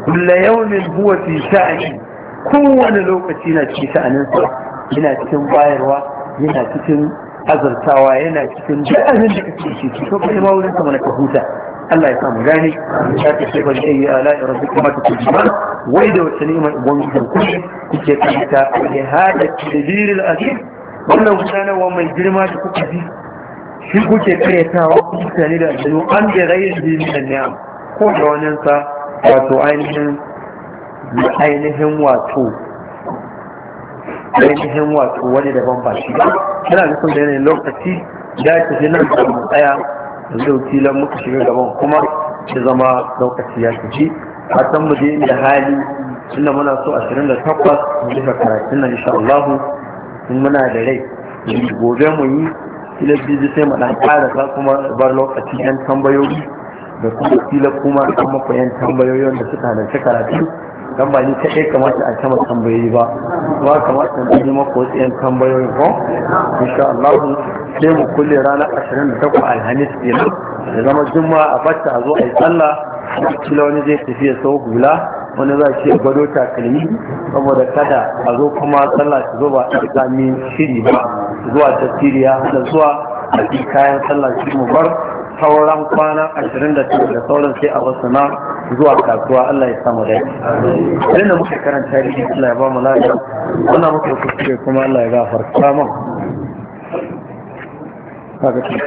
kullu yawmin huwa fi sha'ani kowane lokaci na cikin sha'aninsa yana cikin bayarwa yana cikin azartawa yana cikin duk abin da kake shi ki kuma ma wurin ka mana ka huta Allah ya sa mu gane ya ce sai bari ayi ala ya rabbika ma tukujima wai da wata ni'imar ubangijin ku kuke kanta ya hada tadbiril azim wannan gudanarwa mai girma da kuka ji shi kuke karyatawa mutane da aljanu an da rayin jini ni'am ko da wannan sa wato ainihin ainihin wato ainihin wato wani daban ba shi da nufin da yanayin lokaci da ya tafi nan da mu tsaya zai lan muka shiga gaban kuma da zama lokaci ya tafi a san mu je da hali inda muna so 28 mu duka karatun nan insha Allah mun muna da rai gobe mu yi kila bizi sai mu dan karasa kuma bar lokaci yan tambayoyi da kuma kila kuma kuma yan tambayoyin da suka halarci karatu dan ba ni kaɗai kamata a kama tambayoyi ba ba kamata da yi maka wasu yan tambayoyi ko insha Allah sai mu kulle ranar ashirin da alhamis kenan da zama juma'a a bata a zo a yi sallah kila wani zai tafi ya sau hula wani za ce gwado takalmi saboda kada a zo kuma sallah su zo ba a gami shiri ba zuwa tasiriya da zuwa a kayan sallah shi mu bar sauran kwana ashirin da da sauran sai a wasu na zuwa kasuwa Allah ya samu dai irin da muka karanta da Allah ya ba mu lafiya wannan muka kuskure kuma Allah ya gafarta mu kaga